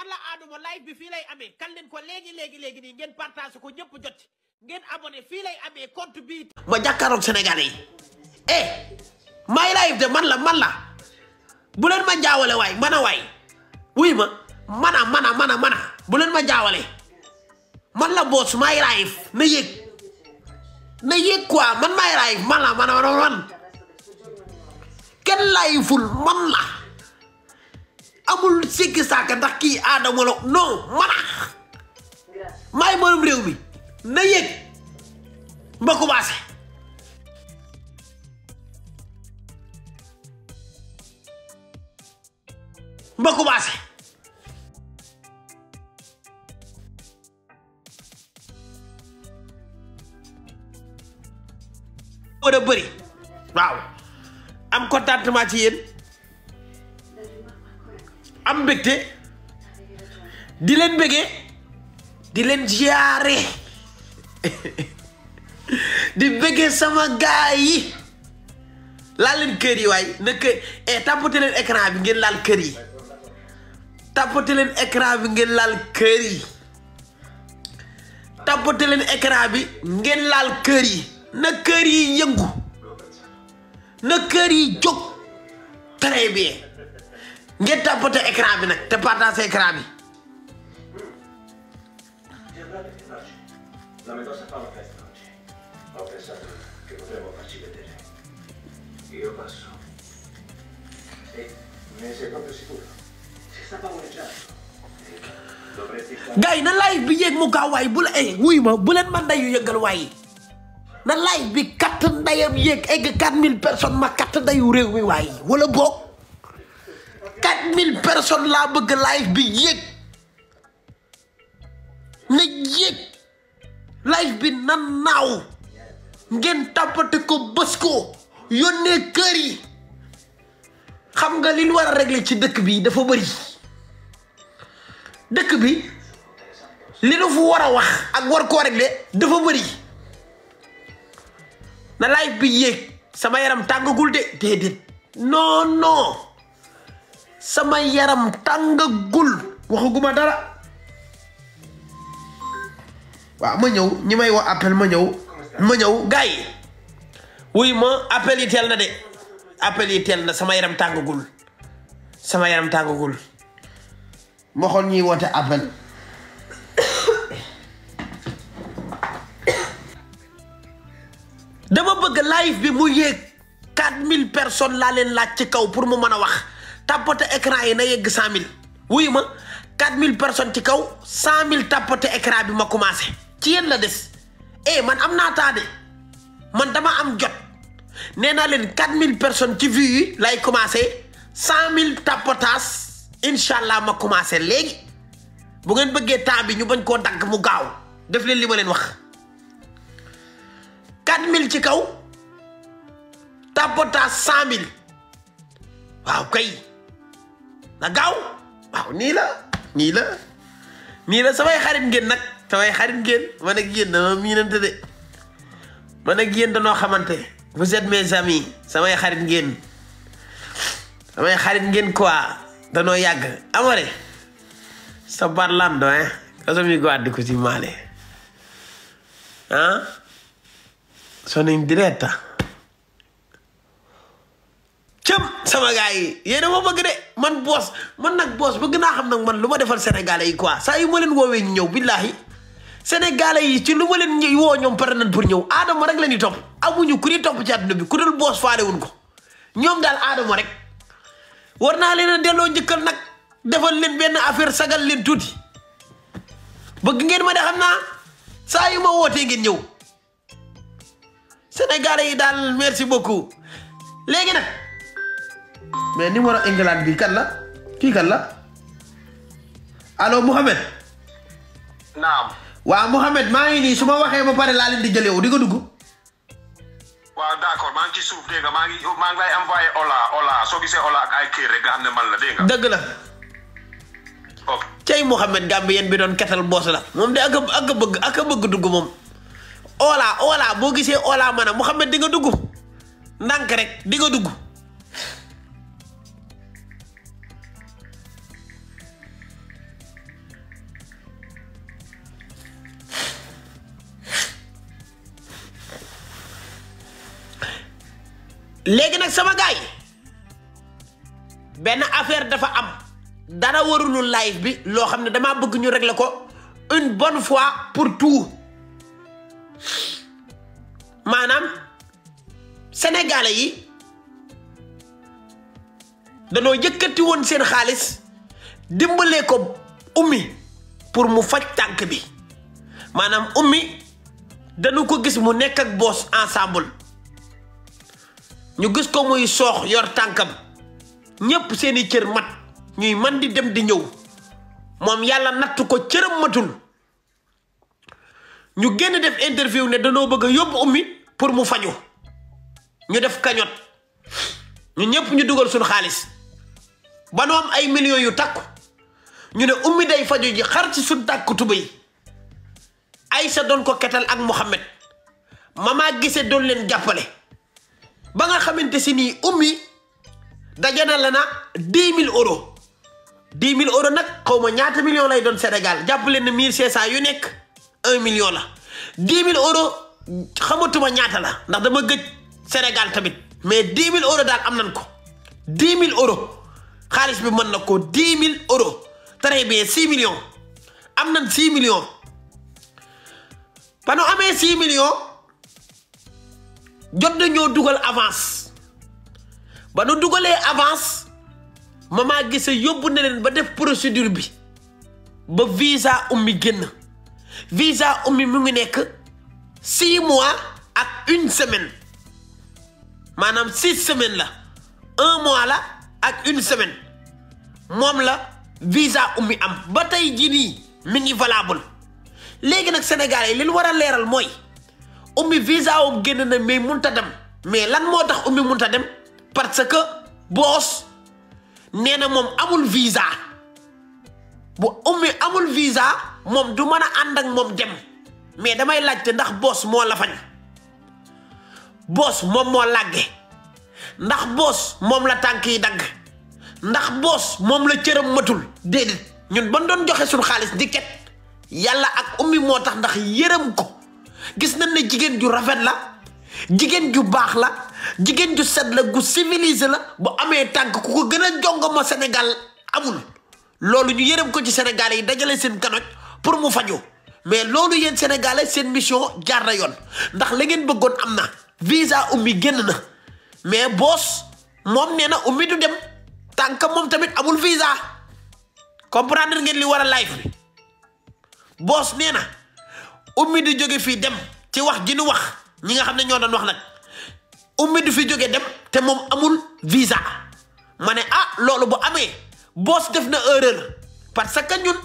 alla aaduma live bi fii lay amee kan leen ko léegi léegi léegi nii ngeen partage ko ñëpp jot ngeen abonné fii lay amee compte bi ma jàkkaaroog Sénégalais yi eh may de man la man la bu leen ma jaawale waay man a waay wuy ma man a man a man a man a bu ma jaawale man la boos may live na yéeg na yéeg quoi man may live man la man a man a man kenn live ful man la amul sikki saaka ndax kii aada wala non manax maay borom réew mi na yëg mba commencé mba commencé war a bëri waaw am contentement ci yéen am mbégte di leen bëggee di leen ziare di bëggee sama gaay yi laal leen kër yi waay na kër e eh, tàppate bi ngeen laal kër yi tàppate leen écran bi ngeen laal kër yi tàppate bi ngeen laal kër yi kër yi yëngu na kër yi jóg très bien ngeen tapoter écran bi nag te partager écran bi. Io na live bi yéeg mu gaaw waay bu la eh wuy ma bu leen ma ndayu yëgal waay na live bi kat ndayam yéeg egg 4000 personnes ma kat ndayu réew mi waay wala boog. mille personnes laa bëgg live bi yéeg na yéeg live bi na naaw ngeen tàmpate ko bës yónnee kër yi xam nga li ñu war a régler ci dëkk bi dafa bëri dëkk bi li nu fu war a wax ak war koo régler dafa bëri na live bi yéeg sama yaram tàngagul de déedéet non non sama yaram tàngagul waxaguma dara waa ma ñëw ñi may woo appel ma ñëw ma ñëw gars yi wuy ma appel yi teel na de appel yi teel na sama yaram tàngagul sama yaram tàngagul ma xool ñuy woote appel dama bëgg live bi mu yéeg quatre mille personnes laa leen laaj ci kaw pour mu mën a wax tapoter écran yi na yegg cent mille wuyu ma quatre mille personnes ci kaw cent mille tapoter écran bi ma commencé ci yéen la des eh, man am naa dama am jot nee naa leen quatre mille personnes ci vues yi commencé cent mille tapotage incha allah ma commencé léegi bu ngeen bëggee temps bi ñu bañ koo dagg mu gaaw def leen li ma leen wax quatre mille ci kaw cent mille waaw kay na gaaw nii la nii la nii la samay xarit ngeen nag samay xarit ngeen man ak yéen danoo miinante de man ak yéen danoo xamante vous êtes mes samay xarit ngeen samay xarit ngeen quoi danoo yàgg amare sa barlando hein kasomi guardi così male ah sono in cëm sama gars yi yéen a ma bëgg de man boos man nag boos bëgg naa xam nag man lu ma defal sénégalais yi quoi saa yu ma leen woowee ñu ñëw billahi sénégalais yi ci lu ma leen ñëw woo ñoom pare nañ pour ñëw aadama rek la ñuy topp amuñu ku ñuy topp ci àdduna bi ku dul boos faale wuñ ko ñoom daal aadama rek war naa leen a delloo njëkkal nag defal leen benn affaire sagal leen tuuti bëgg ngeen ma de xam naa saa yu ma wootee ngeen ñëw sénégalais yi daal merci beaucoup léegi nag. mais numéro England bi kan la kii kan la allo Mouhamed. naam. waaw Mouhamed maa ngi nii su ma waxee ba pare laa leen di jël yow di nga dugg. waaw d'accord maa ngi ci suuf dégg nga maa ngi maa ngi lay nga xam ne man la nga. dëgg la. ok cey Mouhamed Gambien bi doon ketal boos la moom de ak ak bëgg ak bëgg dugg moom. Ola Ola boo gisee Ola ma ne Mouhamed di nga dugg ndànk rek di nga dugg. léegi nag sama gaay benn affaire dafa am dara warulu live bi loo xam ne damaa bëgg ñu régler ko une bonne fois pour tout maanaam sénégalais yi danoo yëkkati woon seen xaalis dimbalee ko ummi pour mu faj tànk bi maanaam ummi dañu ko gis mu nekk ak boos ensemble ñu gis ko muy soox yor tànkam ñépp seeni cër mat ñuy man di dem di ñëw moom yàlla natt ko cëram matul ñu génn def interview ne danoo bëgg a yóbbu ummi pour mu faju ñu def kañoot ñu ñëpp ñu dugal suñu xaalis ba nu am ay millions yu takku ñu ne ummi day faju ji xar ci suñ tàkku tubéy Aïssa doon ko ketal ak Mohamed mama gise doon leen jàppale ba nga xamante si ni ummi dajana la na dix mille euros dix mille euros nag xaw ma ñaata million lay doon Sénégal jàpp leen ne mille cinq cent yu nekk un million la dix mille euros xamatuma ñaata la ndax dama gëj Sénégal tamit mais dix mille euros daal am nañ ko dix mille euros xaalis bi mën na ko dix mille euros très bien six millions am nañ six million ba nu amee six millions jot nañoo dugal avance ba nu dugalee avance ma gise yóbbu na leen ba def procédure bi ba visa ummi génn visa ummi mu ngi nekk six mois ak une semaine maanaam six semaine la un mois la ak une semaine moom la visa ummi am ba tey jii nii mi ngi valable léegi nag Sénégalais yi li ñu war a leeral mooy. ummi visa wam génn na mais munta dem mais lan moo tax ummi munta dem parce que boos nee na moom amul visa bu ummi amul visa moom du mën a ànd ak moom dem mais damay laajte ndax boos moo la fañ boos moom moo làgge ndax boos moom la tànk yi dagg ndax boos moom la cëram matul déedéet ñun ban doon joxe suñu xaalis di ket yàlla ak ummi moo tax ndax yërëm ko gis nañ ne jigéen ju rafet la jigéen ju baax la jigéen ju set la gu civilisé la bu amee tànk ku ko gën a jongoma Sénégal amul loolu ñu yërëm ko ci Sénégal yi dajalee seen kanoj pour mu fajoo mais loolu yéen sénégalais seen mission jaar na yoon ndax la ngeen bëggoon am na visa ummi génn na mais boos moom nee na ummi du dem tànk moom tamit amul visa comprendre ngeen li war a live bi boos nee na ummi di jóge fii dem ci wax ji nu wax ñi nga xam ne ñoo doon wax nag ummi du fi jóge dem te moom amul visa ma ne ah loolu bu amee boos def na parce que ñun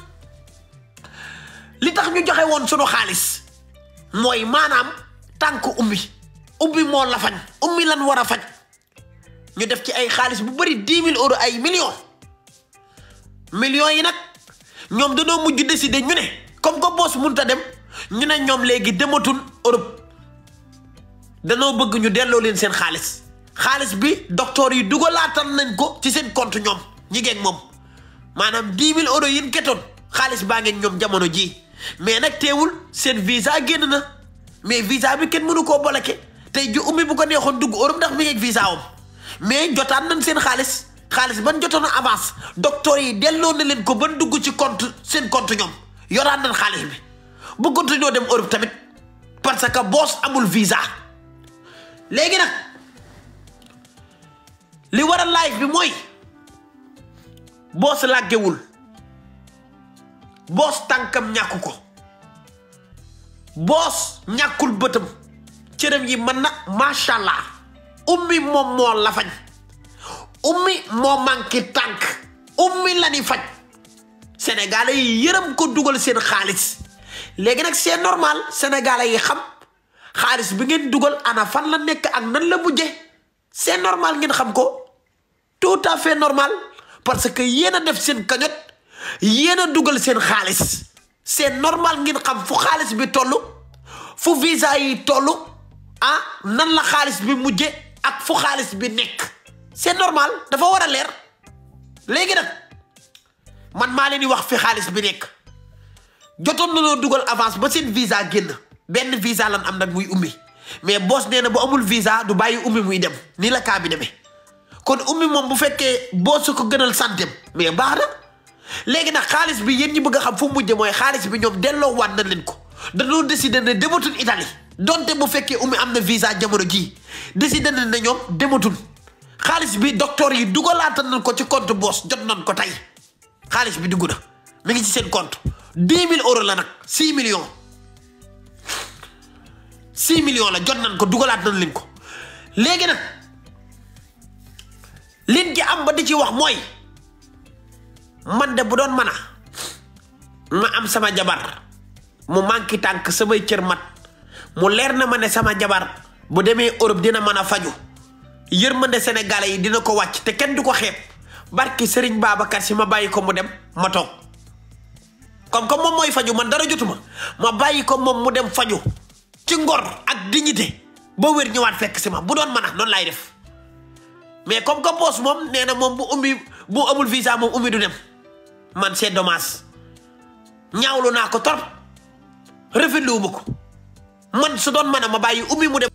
li tax ñu joxe woon sunu xaalis mooy maanaam tànk ummi ummi moo la fañ ummi lan war a fañ ñu def ci ay xaalis bu bëri dix mille euros ay millions millions yi nag ñoom dañoo mujj décider ñu ne comme que boos mënut a dem. ñu ne ñoom léegi dematul Europe danoo bëgg ñu delloo leen seen xaalis xaalis bi docteur yi dugalaatal nañ ko ci seen compte ñoom ñi ngeen moom maanaam dix mille euros yin ketoon xaalis baa ngeen ñoom jamono jii mais nag teewul seen visa génn na mais visa bi kenn mënu koo bloqué tey ju ummi bu ko neexoon dugg Europe ndax mi ngeeg visa wam mais jotaan nañ seen xaalis xaalis ban jotoon avance docteur yi delloo na leen ko ban dugg ci compte seen compte ñoom yoraan nañ xaalis bi bu bëggatu ñoo dem Europe tamit parce que boos amul visa léegi nag li war a bi mooy boos làggewul boos tànkam ñàkku ko boos ñàkkul bëtam cëram yi mën na macha allah ummi moom moo la fañ ummi moo manqué tànk ummi la ni faj sénégalais yi yërëm ko dugal seen xaalis léegi nag seen normal sénégalais yi xam xaalis bi ngeen dugal ana fan la nekk ak nan la mujje seen normal ngeen xam ko tout à fait normal parce que yéen a def seen cagnotte yéen a dugal seen xaalis c'est normal ngeen xam fu xaalis bi toll fu visa yi toll ah nan la xaalis bi mujje ak fu xaalis bi nekk seen normal dafa war a leer léegi nag man maa leen di wax fi xaalis bi nekk jotoon na loo dugal avance ba seen visa génn benn visa lan am nag muy ummi mais boss nee na bu amul visa du bàyyi ummi muy dem nii la kaa bi demee kon ummi moom bu fekkee su ko gënal santeem mais baax na léegi nag xaalis bi yéen ñi bëgg xam fu mujj mooy xaalis bi ñoom delloo waat na leen ko dañoo décider ne dematul Italie donte bu fekkee ummi am na visa jamono jii décider na ñoom dematul xaalis bi docteur yi dugalaata nañ ko ci compte boss jot nañ ko tey xaalis bi dugg na ngi ci seen compte dix mille euros la nag six millions six millions la jot nañ ko dugalaat nañ leen ko léegi nag liñ ci am ba di ci wax mooy man de bu doon mën a ma am sama jabar mu manqué tànk samay cër mat mu leer na ma ne sama jabar bu demee Europe dina mën a man yërmande Sénégalais yi dina ko wàcc te kenn du ko xeeb barki Serigne Babacar si ma bàyyi ko mu dem ma toog comme comme moom mooy faju man dara jotuma ma bàyyi ko moom mu dem faju ci ngor ak dignité boo wér ñëwaat fekk si ma bu doon mën a noonu laay def mais comme que boos moom nee na moom bu ummi bu amul visa moom ummi du dem man c'est dommage naa ko trop rafetlu wu ma ko man su doon mën ma bàyyi ummi mu dem.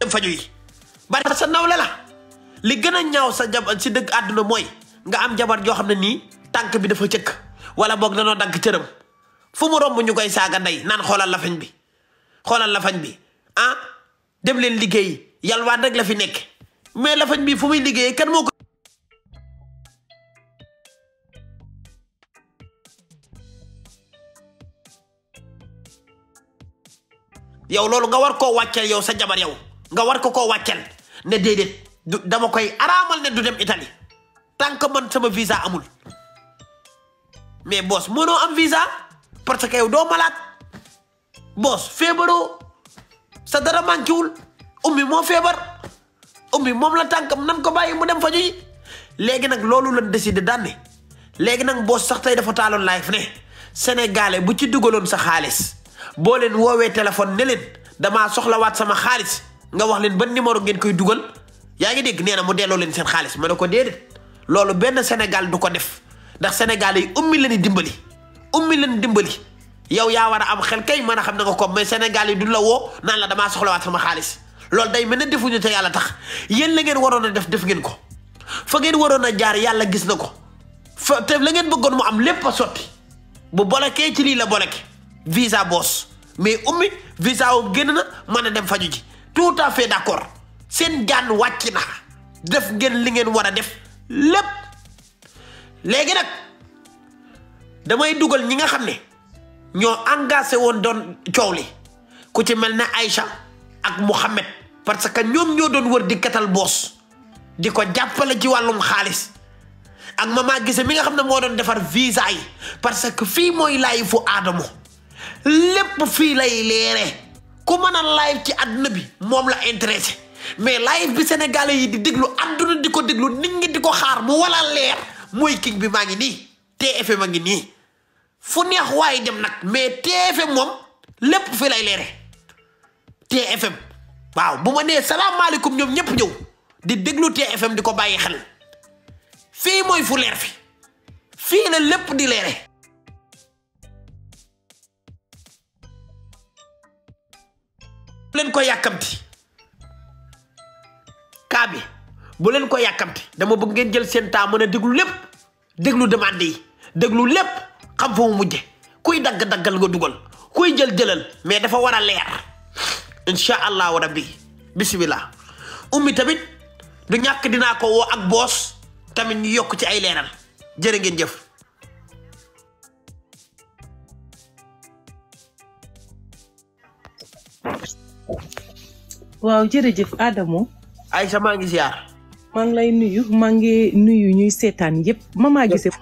dem faju yi bari sa nawle la. li gën a ñaaw sa jabar si dëgg àdduna mooy nga am jabar joo xam ne nii tànk bi dafa cëkk wala boog danoo dagg cëram fu mu romb ñu koy saaga ndey naan xoolal lafañ bi xoolal lafañ bi ah dem leen liggéey yalwaan rek la fi nekk mais lafañ fañ bi fu muy liggéey kan moo ko yow loolu nga war koo wàccel yow sa jabar yow nga war ko koo wàccel ne déedéet du dama koy araamal ne du dem itali tant que man sama visa amul mais boos mënoo am visa parce que yow doo malaat boos feebaroo sa dara manquéwul ummi moo feebar ummi moom la tànkam nan ko bàyyi mu dem fa yi léegi nag loolu lañ décidé daanne léegi nan boos sax tey dafa taaloon live ne sénégalais bu ci dugaloon sa xaalis boo leen woowee téléphone ne leen damaa soxlawaat sama xaalis nga wax leen ban numéro ngeen koy dugal yaa ngi dégg nee na mu delloo leen seen xaalis ma ne ko déedéet loolu benn Sénégal du ko def ndax Sénégal yi ummi leen dimbali ummi leen dimbali yow yaa war a am xel kay mën a xam na nga ko mais Sénégal yi du la woo naan la damaa soxlawaat sama xaalis loolu day mel ne defuñu te yàlla tax yéen la ngeen waroon a def def ngeen ko fa ngeen waroon a jaar yàlla gis na ko fa te la ngeen bëggoon mu am lépp a sotti bu bolekee ci lii la boleke visa boos mais ummi visa wu génn na mën a dem faju ji tout à fait d'accord seen jaan wàcc na def ngeen li ngeen war a def lépp léegi nag damay dugal ñi nga xam ne ñoo engagé woon doon coow li ku ci mel ne Aïcha ak Mouhamed parce que ñoom ñoo doon wër di katal boos di ko jàppale ci wàllum xaalis ak mama gise mi nga xam ne moo doon defar visa yi parce que fii mooy laay fu aadamo lépp fii lay leeree ku mën a live ci àdduna bi moom la intéressé mais live bi sénégalais yi di déglu àdduna di ko déglu nit ngi di ko xaar mu wala leer mooy king bi maa ngi nii TFM a ngi nii fu neex waaye dem nag mais TFM moom lépp fi lay leere TFM waaw bu ma nee salaamaaleykum ñoom ñëpp ñëw di déglu TFM di ko bàyyi xel fii mooy fu leer fi fii la lépp di leere leen ko yàkkamti cas bi bu leen ko yàkkamti dama bëgg ngeen jël seen temps mën a déglu lépp déglu demande yi déglu lépp xam fa mu mujje kuy dagg-daggal nga dugal kuy jël jëlal mais dafa war a leer incha allahu tamit ñàkk dinaa ko woo ak boos tamit ñu yokk ci ay leeral jërë ngeen jëf waaw Aïcha maa ngi ziar. maa lay nuyu maa ngi nuyu ñuy seetaan yëpp mama gisee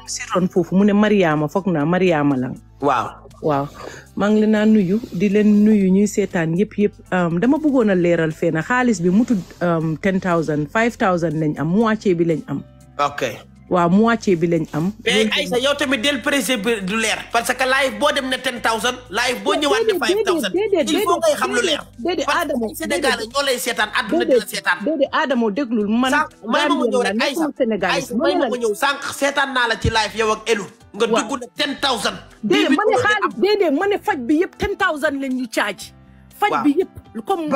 foofu mu ne Mariama foog naa Mariama la. waaw waaw maa ngi leen naa nuyu di leen nuyu ñuy seetaan yëpp yëpp um, dama buggoon a leeral fee na xaalis bi mu tudd um, ten thousand five thousand lañ am moitié bi lañ am. ok. waaw moitié bi lañ am. mais Aïssa yow tamit del préciser du leer. parce que live boo dem ne ten thousand. live boo ñëwaat ne five thousand. il faut ngay xam lu leer. déedéet Sénégal ñoo lay seetaan àdduna di la seetaan. déedéet Adamo déglul man. may ma ma ñëw rek Aïssa Aïssa may ma ma ñëw sànq seetaan naa la ci live yow ak Elu. nga dugg ne ten thousand. déedéet ma ne xaalis déedéet ma ne faj bi yëpp ten thousand lañ ñu caaj. faj bi yëpp comme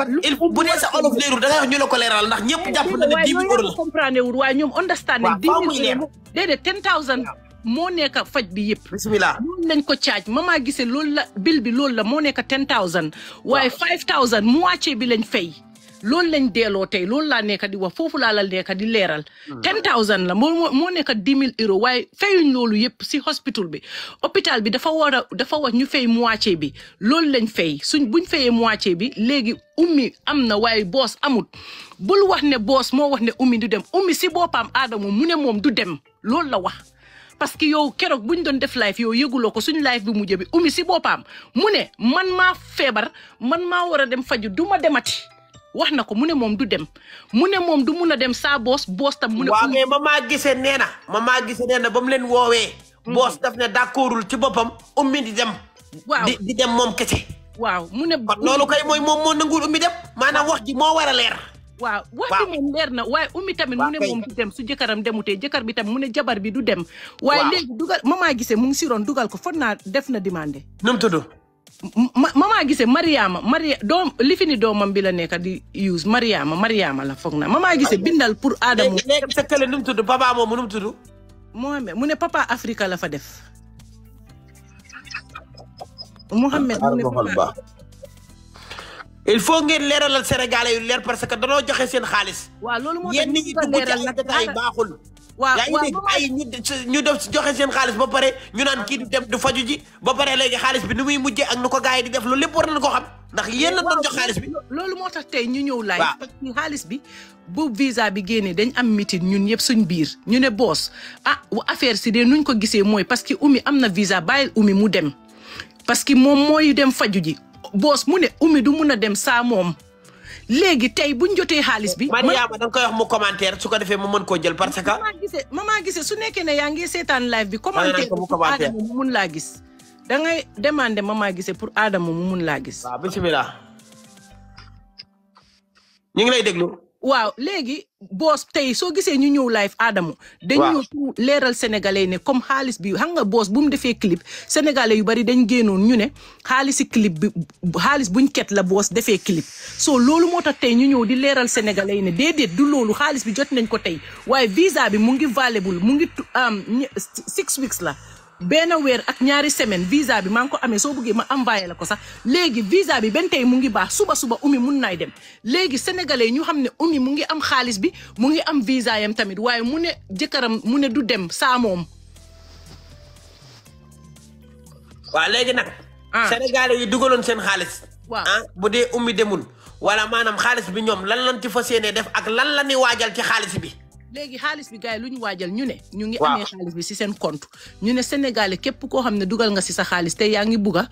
bu dee sa olof leerul da ngay wax ñu la ko leeral ndax ñëpp jàpp na ne dix mille euros la comprendre wul waaye ñoom understand ne dix mille ten thousand moo nekk faj bi yëpp bismillah loolu lañ ko caaj mama gisee loolu la bil bi loolu la moo nekk ten thousand waaye five thousand moitié bi lañ fay loolu lañ deeloo tey loolu laa nekk di wax foofu laa la nekk di leeral. Hmm. ten thousand la moo moo nekk dix mille euros waaye fayuñ loolu yëpp si hospital bi. hôpital bi dafa war a dafa wax ñu fay moitié bi loolu lañ fay suñ buñ fayee moitié bi léegi ummi am na waaye boos amut bul wax ne boos moo wax ne ummi du dem ummi si boppam aadama mu ne moom du dem loolu la wax. parce que yow keroog bu ñu doon def live yow yëguloo ko suñu live bi mujj bi ummi si boppam mu ne man maa feebar man maa war a dem faju du ma demati. wax na ko mu ne moom du dem mu ne moom du mun a dem saa boos boos tam. mu ne waaw mais mamaa gisee nee na. mamaa gisee nee na ba mu leen woowee. Mm-hmm. boos daf ne d'accordul ci boppam ummi di dem. waaw di di dem moom kese. waaw mu ne. kon loolu kay mooy moom moo nanguwul ummi dem maanaam wax ji moo war a leer. waaw wax bi moom leer na waaye ummi tamit mu ne moom du dem su jëkkëram demutee jëkkër bi tamit mu ne jabar bi du dem. waaye léegi dugal mamaa gisee mu ngi si roon dugal ko foog naa def na demandé. nu mu mama gisee Mariama Maria doom li fi bi la nekk di use Mariama Mariama la foog naa mama gise bindal pour. Adamu léegi sa kële nu mu tudd papa moomu nu mu tudd. Mohamed papa Africa la fa def. Mohamed mu ne il faut ngeen leeralal Sénégalais yu leer parce que danoo joxe seen xaalis. waa loolu moo tax ñu ngi leeral baaxul. waaw yaa ngi dégg ay ñu def joxe seen xaalis ba pare ñu naan kii di dem du faju ji ba pare léegi xaalis bi nu muy mujjee ak nu ko gars yi di def loolu lépp war nañ ko xam ndax yéen a doon jox xaalis bi loolu moo tax tey ñu ñëw laaj parce que xaalis bi bu visa bi génnee dañ am meeting ñun yëpp suñ biir ñu ne boos ah affaire si de nuñ ko gisee mooy parce que umi am na visa bàyyil umi mu dem parce que moom mooy dem faju ji boos mu ne umi du mun a dem saa moom léegi tey buñ jotee xaalis bi. Mariama da nga koy wax mu commentaire su ko defee ma mën koo jël parce que. ma gisee maman su nekkee ne yaa ngi seetaan live bi. commentaire bi pour Adama mu mun laa gis. da ngay demander maa gisee pour Adama mu mun laa gis. waaw mi ñu ngi lay déglu. waaw léegi boos tey soo gisee ñu ñëw live Adamo dañu ñëw leeral sénégalais ne comme xaalis bi xam nga boos bu mu defee clip sénégalais yu bari dañ génnoon ñu ne xaalisi clip bi xaalis buñ ket la boos defee clip so loolu moo tax tey ñu ñëw di leeral sénégalais yi ne déedéet du loolu xaalis bi jot nañ ko tey waaye visa bi mu ngi valable mu ngi um, six weeks la benn weer ak ñaari semaine visa bi maa ko amee soo bëggee ma envoyé la ko sax léegi visa bi benn tey mu ngi baax suba suba umi mun nay dem léegi yi ñu xam ne umi mu ngi am xaalis bi mu ngi am visa yam tamit waaye mu ne jëkkëram mu ne du dem saa moom. waaw léegi nag. Ah. sénégalais yi dugaloon seen xaalis. waaw ah bu dee umi demul. wala maanaam xaalis bi ñoom lan lan ci fas def ak lan la ñuy waajal ci xaalis bi. léegi xaalis bi gars yi lu ñu waajal ñu ne. ñu ngi amee xaalis bi si seen compte. ñu ne Sénégalais képp koo xam ne dugal nga si sa xaalis te yaa ngi bugga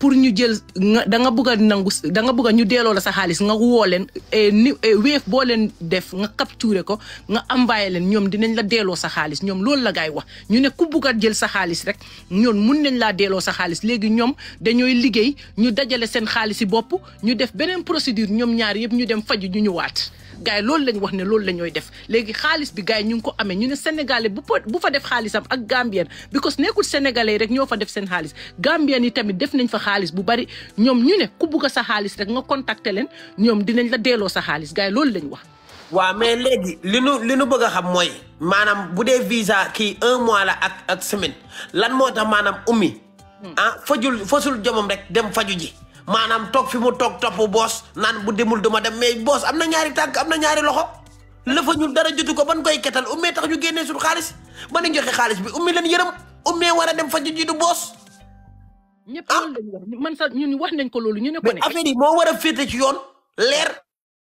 pour ñu jël nga da nga bugg a nangu da bugg a ñu delloo la sa xaalis nga woo leen e, ni Wave boo leen def nga capturé ko nga envoyé leen ñoom dinañ la delloo sa xaalis ñoom loolu la gars wax. ñu ne ku bugg a jël sa xaalis rek ñoom mun nañ laa delloo sa xaalis léegi ñoom dañooy liggéey ñu dajale seen xaalis bopp ñu def beneen procédure ñoom ñaar yëpp ñu dem faju ñu ñëwaat gars yi loolu lañ wax ne loolu la ñooy def léegi xaalis bi gars yi ñu ngi ko amee ñu ne sénégalais bu bu fa def xaalisam ak gambien because nekkul sénégalais rek ñoo fa def seen xaalis gambien yi tamit def nañ fa xaalis bu bari ñoom ñu ne ku bugg sa xaalis rek nga contacter leen ñoom dinañ la delloo sax xaalis gars yi loolu lañ wax waa mais léegi li nu bëgg a xam mooy maanaam bu dee visa kii un mois la ak ak semaine lan moo tax maanaam ummi hmm. ah fajul fasul jomam rek dem faju ji maanaam toog fi mu toog topp boos naan bu demul duma dem mais boos am na ñaari tànk am na ñaari loxo lëfa ñu dara jotu ko ban koy ketal ummee tax ñu génnee suñu xaalis ba nañ joxe xaalis bi ummi leen yërëm ummee war a dem fa ji du boos ñëpp loolu lañ wax man sax ñun wax nañ ko loolu ñu ne ko ne affaire yi moo war a féete ci yoon leer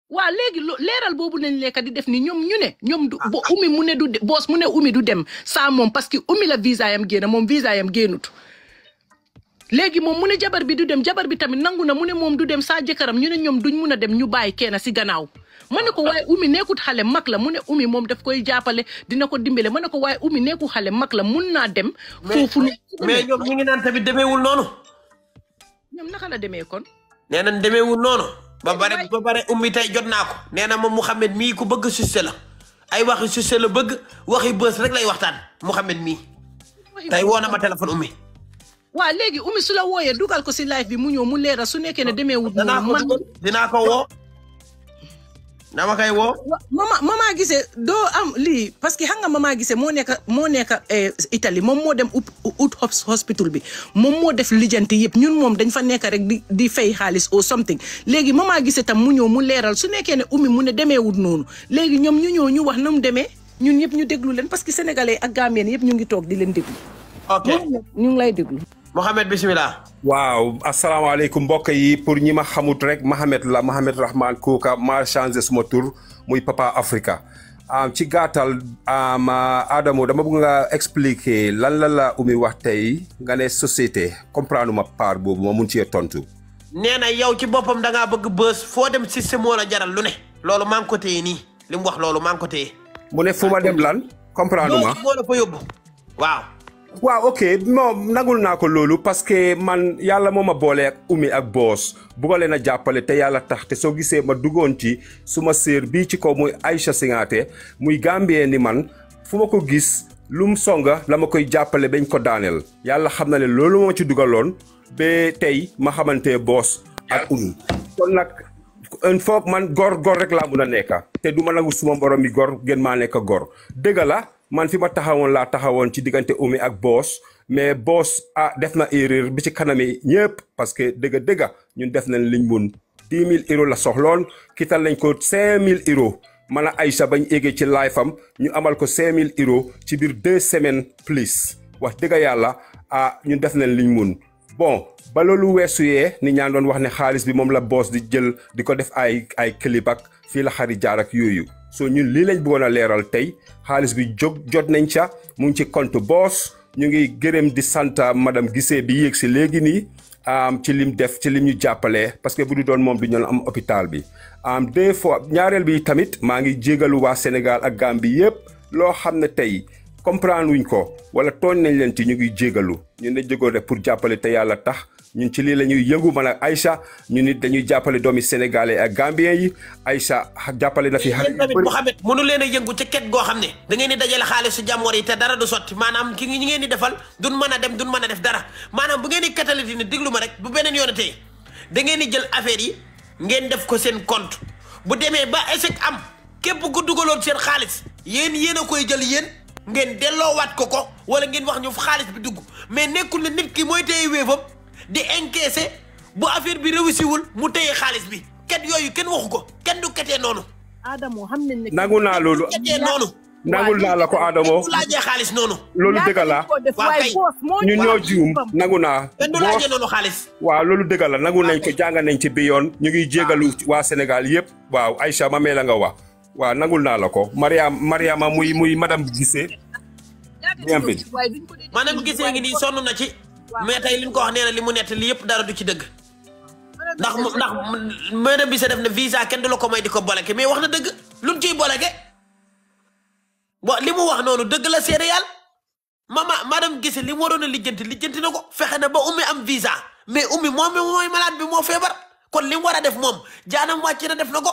waa léegi leeral boobu lañ lekka di def ni ñoom ñu ne ñoom du ah. ba ummi mu ne du boos mu ne ummi du dem saa moom parce que ummi la visa yam génn moom visa yam génnut léegi moom mu jabar bi du dem jabar bi tamit nangu na mu ne moom du dem saa jëkkëram ñu ne ñoom duñ mun a dem ñu bàyyi kenn si gannaaw ma ne ko waaye umi nekkut xale mag la mu ne umi moom daf koy jàppale dina ko dimbale ma ne ko waaye umi nekkul xale mag la mun naa dem foofu mais ñoom ñu ngi naan tamit demeewul noonu ñoom la demee kon nee na demeewul noonu ba bare ba bare ummi tey jot naa ko nee na moom Mouhamed mii ku bëgg succès la ay waxi succès la bëgg waxi bës rek lay waxtaan Mouhamed mii tey woo na ma téléphone ummi waa léegi umi su la wooyee dugal ko si live bi mu ñëw mu leeral su nekkee ne demee wut. danaa ko woo dinaa ko woo. dama koy woo. doo am lii parce que xam nga mama gisee moo nekk moo nekk eh, Italie moom moo dem ut hospital bi moom moo def lijanti yëpp ñun moom dañ fa nekk rek di di fay xaalis au something léegi mama gisee tam mu ñëw mu leeral su nekkee ne umi mu ne demee wut noonu léegi ñoom ñu ñëw ñu wax na mu demee ñun ñëpp ñu déglu leen parce que sénégalais ak gambien yëpp ñu ngi toog di leen déglu. ok lay déglu. Mohamed bisimilah. waaw asalaamaaleykum mbokk yi pour ñi ma xamut rek Mohamed la Mohamed Rahman Kouka maa changé suma tur muy Papa Africa ci gàttal ma Adamo dama bëgg nga expliquer lan lan la umi wax tey nga ne société comprendre ma boobu ma mun cee tontu. nee na yow ci boppam da ngaa bëgg bës foo dem système moo la jaral lu ne. loolu maa ngi ko téye nii li mu wax loolu maa ngi ko téye. ne fu ma dem lan comprendre yóbbu waaw. waaw ok moom nagul naa ko loolu parce que man yàlla moo ma boolee ak umi ak boos bugga leen a jàppale te yàlla tax te soo gisee ma duggoon ci su ma séer bii ci kaw muy Aïcha Singaate muy Gambie ni man fu ma ko gis lum songa la ma koy jàppale bañ ko daaneel yàlla xam na ne loolu moo ci dugaloon ba tey ma xamante boos ak umi kon nag un foog man gor gor rek laa mun a nekka te du ma nangu suma mborom mi gor gën maa nekk gor dëgg la man fi ma taxawoon laa taxawoon ci diggante Oumy ak boos mais boos ah def na erreur bi ci kanami ñëpp parce que dëgg dégga ñun def nañ liñ mun dix mille euros la soxloon kital nañ ko cinq mille euros man a Aïcha bañ eggee ci live fam ñu amal ko cinq mille euros ci biir deux semaines plus wax dëgg yàlla ah ñun def nañ liñ mun bon ba loolu weesu yee nit ñaa doon wax ne xaalis bi moom la boos di jël di ko def ay ay clip ak fii la xari jaar ak yooyu. so ñun lii lañ bëggoon a leeral tey xaalis bi jóg jot nañ ca mu ngi ci compte boos ñu ngi gërëm di sant madam Gissé bi yëg si léegi nii ci lim def ci lim ñu jàppalee parce que bu du doon moom du ñoon am hôpital bi des fois ñaareel bi tamit maa ngi jégalu waa Sénégal ak bi yépp loo xam ne tey comprendre wuñ ko wala tooñ nañ leen ci ñu ngi jégalu ñu ne jégoon rek pour jàppale te yàlla tax ñun ci lii la ñuy yëngu man ak Aïcha ñu nit dañuy jàppale doomi sénégalais ak gambien yi Aïcha jàppale na fi xale tamit Mouhamed nu leen a yëngu ci ket goo xam ne da ngeen di dajale xaalis su jàmmoor yi te dara du sotti maanaam ki ñi ngeen di defal duñ mën a dem duñ mën a def dara maanaam bu ngeen di catalyse ni diglu ma rek bu beneen yoonatee da ngeen di jël affaire yi ngeen def ko seen compte bu demee ba échec am képp ko dugaloon seen xaalis yéen yéen a koy jël yéen ngeen delloowaat ko ko wala ngeen wax ñu xaalis dugg mais di encaisser bu affaire bi réussiwul mu téye xaalis bi ket yooyu kenn waxu ko kenn du ketee noonu. xam nañ ne nangu naa loolu ketee nangul naa la ko Adamo du laajee noonu. loolu dëgg la waaw kay ñun nangu naa. kenn du laajee noonu xaalis. waaw loolu dëgg la nangu nañ ko jàng nañ ci bi yoon. ñu ngi jégalu waa senegal yëpp. waaw Aïcha ma mee la nga wax. waaw nangul naa la ko Mariam Mariama muy muy madame Guissé. madame Guissé ngi nii sonn na ci. mais tey li ñu ko wax nee na li mu nett li yëpp dara du ci dëgg. ndax ndax madame bi sa def na visa kenn du la ko may di ko boleke mais wax na dëgg lu mu ciy boleke bon li mu wax noonu dëgg la Sénégal mama madame Guissé li mu waroon a lijjanti lijjanti na ko fexe na ba ummi am visa mais ummi moom mi mooy malade bi moo feebar kon li mu war a def moom jaanam wàcc na def na ko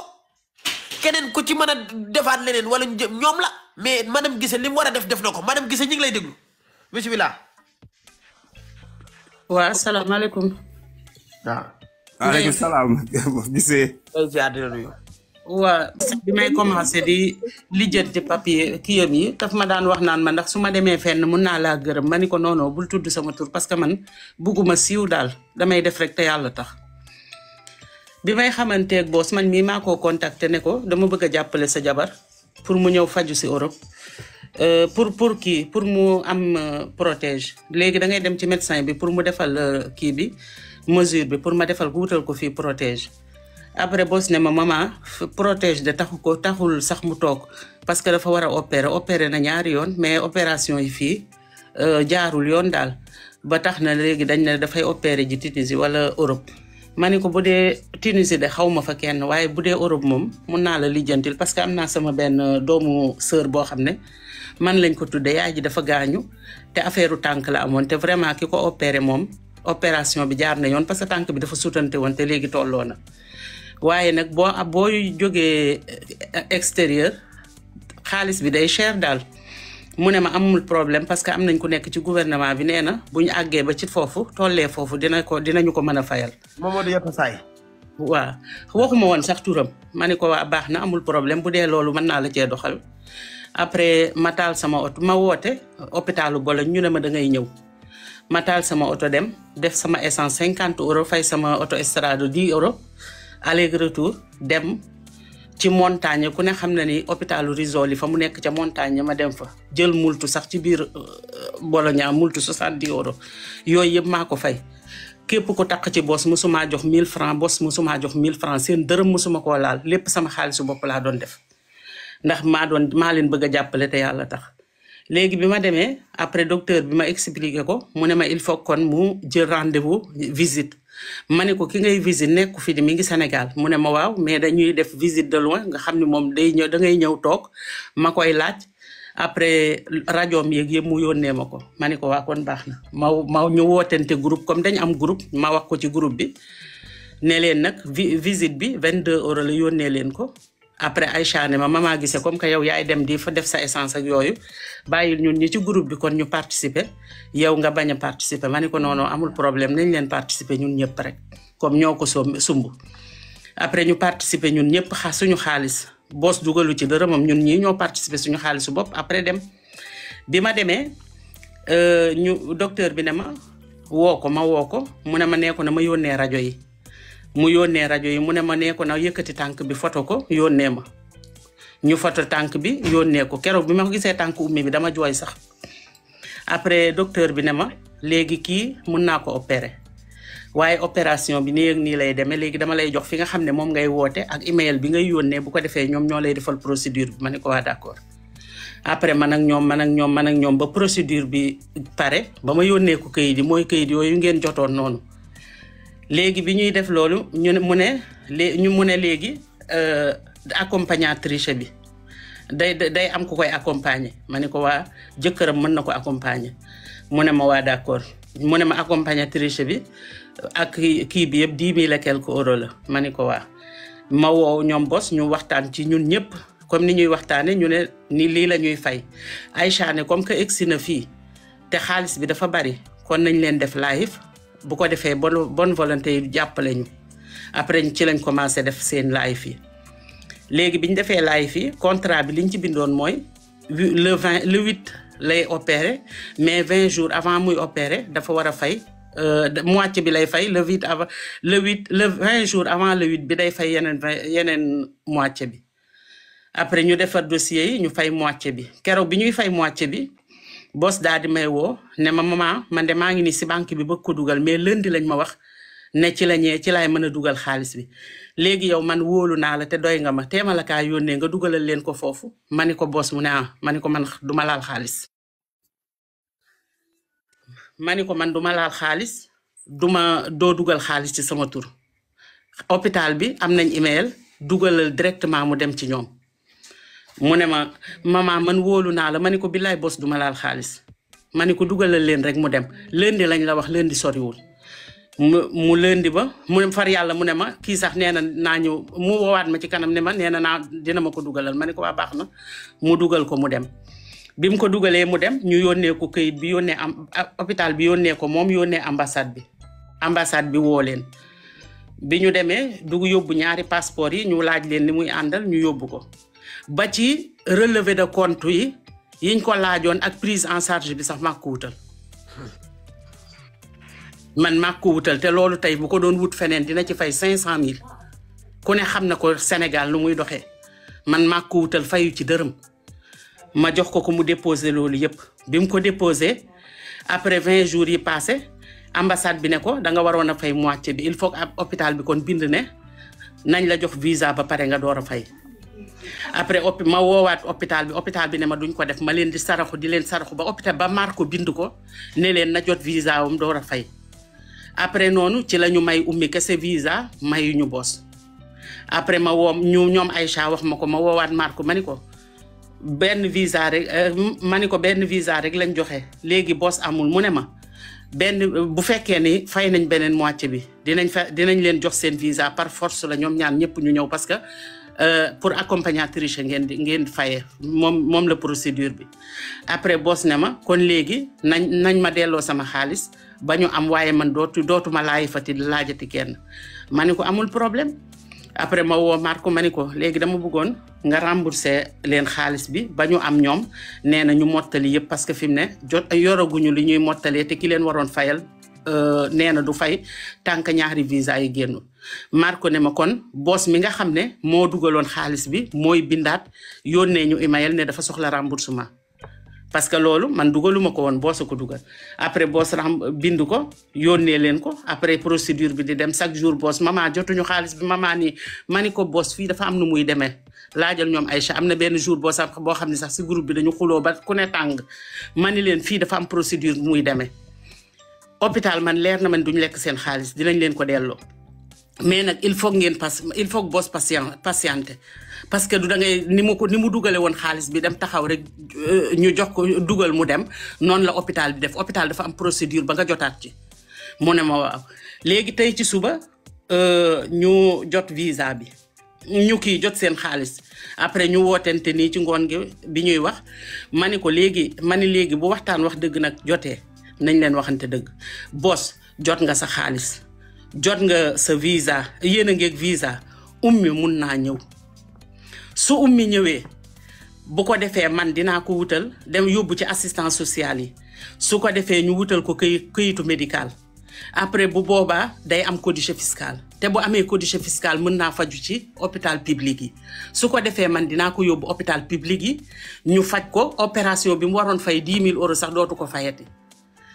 keneen ku ci mën a defaat leneen wala ñoom la mais madame Guissé li mu war a def def na ko madame Guissé ñu ngi lay déglu bisimilah. waaw asalaamaaleykum. waaw. waaleykum salaam. gisee. waaw bi may commencé di lijjanti papier kii yam yi daf ma daan wax naan ma ndax su ma demee fenn mun naa laa gërëm ma ni ko noonoo bul tudd sama tur parce que man bugguma siiw daal damay def rek te yàlla tax. bi may xamanteeg boos man mii maa ko contacté ne ko dama bëgg a jàppale sa jabar pour mu ñëw faju si Europe. Euh, pour pour kii pour mu am euh, protège léegi da ngay dem ci médecin bi pour mu defal euh, kii bi mesure bi pour ma defal ko wutal ko fii protège après boo si ne ma maman protège de taxu ko taxul sax mu toog parce que dafa war a opérer opérer na ñaari yoon mais opération yi fii jaarul yoon daal ba tax na léegi dañ ne dafay opérer ji wala Europe. ma ni ko bu dee Tunisie de xaw fa kenn waaye bu dee Europe moom mun naa la lijjantil parce que am naa sama benn doomu sœur boo xam ne man lañ ko tuddee yaay ji dafa gaañu te affaire tànk la amoon te vraiment ki ko opéré moom opération bi jaar na ñoon parce que tànk bi dafa sutante woon te léegi tolloona waaye nag boo boo jógee extérieur xaalis bi day cher daal mu ne ma amul problème parce que am nañ ku nekk ci gouvernement bi nee na bu ñu àggee ba ci foofu tollee foofu dina ko dinañu ko mën a fayal. Mamadou saay waaw waxuma woon sax turam ma ne ko waa baax na amul problème bu dee loolu mën naa la cee doxal après ma taal sama oto ma woote hôpitalu Bologne ñu ne ma da ngay ñëw ma taal sama oto dem def sama essence cinquante euros fay sama oto estrade di euros aller dem. ci montagne ku ne xam ne ni hôpitalu Risoli fa mu nekk ca montagne ma dem fa jël multu sax ci biir euh, Bologna multu di euros yooyu yëpp maa ko fay képp ku taq ci bos mosumaa jox 1000 francs bos mosumaa jox mille francs seen dërëm mosuma koo laal lépp sama xaalisu bopp laa doon def ndax maa doon maa leen bëgg a jàppale te yàlla tax léegi bi ma demee après docteur bi ma expliqué ko mu ne ma il faut kon mu jël rendez-vous visite ma ne ko ki ngay visite nekku fi di mi ngi Sénégal mu ne ma waaw mais dañuy def visite de loin nga xam ni moom day ñëw da ngay ñëw toog ma koy laaj après rajoom yeeg yëpp mu yónnee ma ko ma ne ko waa kon baax na ma ma ñu wootente groupe comme dañ am groupe ma wax ko ci groupe bi ne leen nag visite bi 22 euros la yónnee leen ko après Aïcha ne ma mama gisee comme que yow yaay dem di fa def sa essence ak yooyu bàyyil ñun ñi ci groupe bi kon ñu participer yow nga bañ a participer ma ne ko noonu amul problème nañ leen participer ñun ñëpp rek comme ñoo ko sumb après ñu participer ñun ñëpp xa suñu xaalis boos dugalu ci moom ñun ñii ñoo participer suñu xaalisu bopp après dem bi ma demee euh, ñu docteur bi ne ma woo ko ma woo ko mu ne ma nee na ma yónnee rajo yi mu yónnee rajo yi mu ne ma nee ko yëkkati tànk bi foto ko yónnee ma ñu foto tànk bi yónnee ko keroog bi ma gisee tànk ummi bi dama jooy sax après docteur bi ne ma léegi kii mun naa ko opérer waaye opération bi nii ak nii lay demee léegi dama lay jox fi nga xam ne moom ngay woote ak email bi ngay yónnee bu ko defee ñoom ñoo lay defal procédure bi ma ne ko waa d'accord après man ak ñoom man ak ñoom man ak ñoom ba procédure bi pare ba ma yónnee ko kayit yi mooy kayit yooyu ngeen jotoon noonu. léegi bi ñuy def loolu ñu ne mu ne lé ñu mu ne léegi euh, accompagnatrice bi day day am ku koy accompagner ma ne ko waa jëkkëram mën na ko accompagner mu ne ma waa d'accord mu ne ma accompagnatrice bi ak kii bi yëpp dix mille et quelque euro la ma ne ko waa ma ñoom bos ñu waxtaan ci ñun ñëpp comme ni ñuy waxtaanee ñu ne ni lii la ñuy fay ay ne comme que egsi na fii te xaalis bi dafa bari kon nañ leen def live bu ko defee bonne bonne volonté yi jàppale ñu après ci lañ commencé def seen live yi léegi bi ñu defee lay yi contrat bi liñ ci bindoon mooy le vingt le huit lay opéré mais vingt jours avant muy opéré dafa war a fay euh, moitié bi lay fay le huit avant le huit le vingt jours avant le huit bi day fay yeneen yeneen moitié bi après ñu defar dossier yi ñu fay moitié bi keroog bi ñuy fay moitié bi. boss daal di may woo ne ma maman man de maa ngi nii si banque bi bëgg ko dugal mais lëndi lañ ma wax ne ci la ñee ci laay mën a dugal xaalis bi léegi yow man wóolu naa la te doy nga ma teema la kaa yónnee nga dugalal leen ko foofu ma ni ko boss mu ne ah ma ni ko man du ma laal xaalis. ma ni ko man du laal xaalis du ma doo dugal xaalis ci sama tur hôpital bi am nañ email dugalal directement mu dem ci ñoom. mu ne ma maman man wóolu naa la ma ni ko billaay bos duma laal xaalis ma ni ko dugalal leen rek mu dem lundi lañ la wax lundi soriwul mu mu lundi ba mu far yàlla mu ne ma kii sax nee na naa ñëw mu woowaat ma ci kanam ne ma nee na naa dina ma ko dugalal ma ne ko waa baax na mu dugal ko mu dem. bi mu ko dugalee mu dem ñu yónnee ko kayit bi yónnee am hôpital bi yónnee ko moom yónnee ambassade bi ambassade bi woo leen bi ñu demee dugg yóbbu ñaari passeport yi ñu laaj leen li muy àndal ñu yóbbu ko. ba ci relevé de compte yi yiñ ko laajoon ak prise en charge bi sax maa ko wutal man maa ko wutal te loolu tey bu ko doon wut feneen dina ci fay cinq cent mille ku ne xam na ko Sénégal lu muy doxee man maa ko wutal fayu ci dërëm ma jox ko ko mu déposé loolu yëpp bi mu ko déposé après vingt jours yi passé ambassade bi ne ko da nga waroon a fay moitié bi il faut que ab hôpital bi kon bind ne nañ la jox visa ba pare nga door a fay après op ma woowaat hôpital bi hôpital bi ne ma duñ ko def ma leen di saraxu di leen saraxu ba hôpital ba maar ko bind ko ne leen na jot visa wam door a fay après noonu ci la ñu may ummi kese visa mayuñu boos après ma woo ñu ñoom Aïcha wax ma ko ma woowaat maar ko ma ni ko benn visa rek euh, ma ni ko benn visa rek lañ joxe léegi boos amul mu ne ma benn bu fekkee ni fay nañ beneen moitié bi dinañ fa dinañ leen jox seen visa par force la ñoom ñaan ñëpp ñu ñëw parce que Euh, pour accompagnatrice ngeen di ngeen faye moom moom la procédure bi après boos ne ma kon léegi nañ nañ ma delloo sama xaalis ba ñu am waaye man dootu dootuma laayi fati laajati kenn ma ni ko amul problème après ma woo Marco ma ni ko léegi dama buggoon nga remboursé leen xaalis bi ba ñu am ñoom nee na ñu mottali yëpp parce que fi mu ne jot yoraguñu li ñuy mottalee te ki leen waroon fayal euh, nee na du fay tant que ñaari visa yi génnul Marco ne ma kon bos mi nga xam ne moo dugaloon xaalis bi mooy bindaat yónnee ñu Imayel ne dafa soxla remboursement parce que loolu man dugaluma ko woon boos a ko dugal après boos ram bind ko yónnee leen ko après procédure bi di dem chaque jour boos maman jotuñu xaalis bi maman nii ma ni ko boos fii dafa am nu muy demee laajal ñoom Aïcha am na benn jour boo sax boo xam ne sax si groupe bi dañu xuloo ba ku ne tàng ma ni leen fii dafa am procédure muy demee hôpital man leer na man duñ lekk seen xaalis di dinañ leen ko delloo mais nag il faut ngeen pas il faut boss patient patiente parce que du da ngay ni mu ko ni mu dugale woon xaalis bi dem taxaw rek euh, ñu jox ko dugal mu dem noonu la hôpital bi def hôpital dafa am procédure ba nga jotaat ci mu ne ma waaw léegi tey ci suba euh, ñu jot visa bi ñu kii jot seen xaalis après ñu wootente nii ci ngoon gi bi ñuy wax ma ni ko léegi ma ni léegi bu waxtaan wax dëgg nag jotee nañ leen waxante dëgg boss jot nga sa xaalis jot nga sa visa yéen a ngeeg visa ummi mun naa ñëw su ummi ñëwee bu ko defee man dinaa ko wutal dem yóbbu ci assistance sociale yi su ko defee ñu wutal ko këy këyitu médical après bu boobaa day am codice fiscale te bu amee codice fiscale mën naa faju ci hôpital public yi su ko defee man dinaa ko yóbbu hôpital public yi ñu faj ko opération bi mu waroon fay dix mille euros sax dootu ko fayati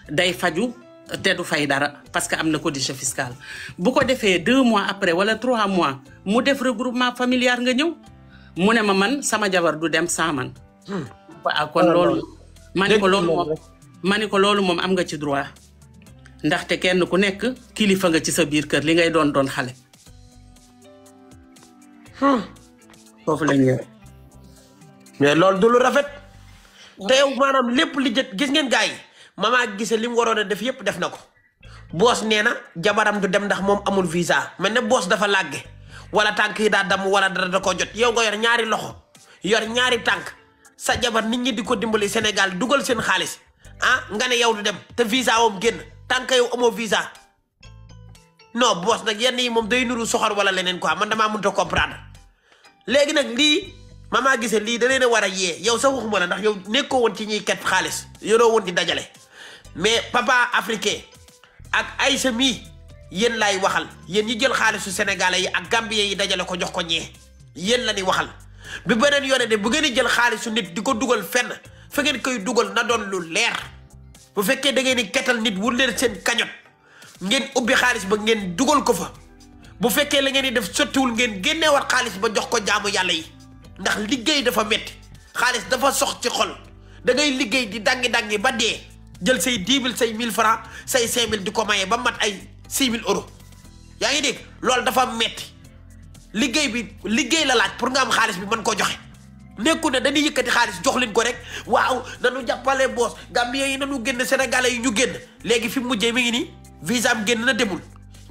day faju te du fay dara parce que am na codice fiscale bu ko defee deux mois après wala trois mois mu def regroupement familial nga ñëw mu ne ma man sama jabar du dem sans man. waaw hmm. ah, kon loolu. ko loolu moom ma ni ko loolu moom am nga ci droit. ndaxte kenn ku nekk kilifa nga ci sa biir kër li ngay doon doon xale. Hmm. lañ mais loolu du rafet. te yow maanaam lépp li jët gis ngeen gars yi. mama gise li mu waroon a def yépp def na ko boos nee na jabaram du dem ndax moom amul visa mel ne boos dafa làgge wala tànk yi daa dam wala dara da ko jot yow nga yor ñaari loxo yor ñaari tànk sa jabar nit ñi di ko dimbali Sénégal dugal seen xaalis ah nga ne yow du dem te visa wom génn tànk yow amoo visa non boos nag yenn yi moom day nuru soxor wala leneen quoi man damaa mënut a comprendre léegi nag lii ma Mama gisee lii da leen war a yee yow sax waxuma la ndax yow nekkoo woon ci ñuy ket xaalis yoroo woon di dajale mais papa africain ak Aïcha mii yéen laay waxal yéen ñi jël xaalisu sénégalais yi ak gambien yi dajale ko jox ko ñee yéen la ni waxal bi beneen yoone de bu ngeen di jël xaalisu nit di ko dugal fenn fa ngeen koy dugal na doon lu leer bu fekkee da ngeen di ketal nit wu leer seen kañot ngeen ubbi xaalis ba ngeen dugal ko fa bu fekkee la ngeen def sottiwul ngeen génneewaat xaalis ba jox ko jaamu yàlla yi ndax liggéey dafa métti xaalis dafa sox ci xol da ngay liggéey di dangi-dangi ba dee jël say dix mille say mille francs say cinq mille di ko maye ba mat ay six mille yaa ngi dégg loolu dafa metti liggéey bi liggéey la laaj pour nga am xaalis bi mën koo joxe nekku ne dañuy yëkkati xaalis jox leen ko rek waaw nanu jàppale boos gambien yi nanu génn sénégalais yi ñu génn léegi fi mu mujjee mi ngi nii visa am génn na demul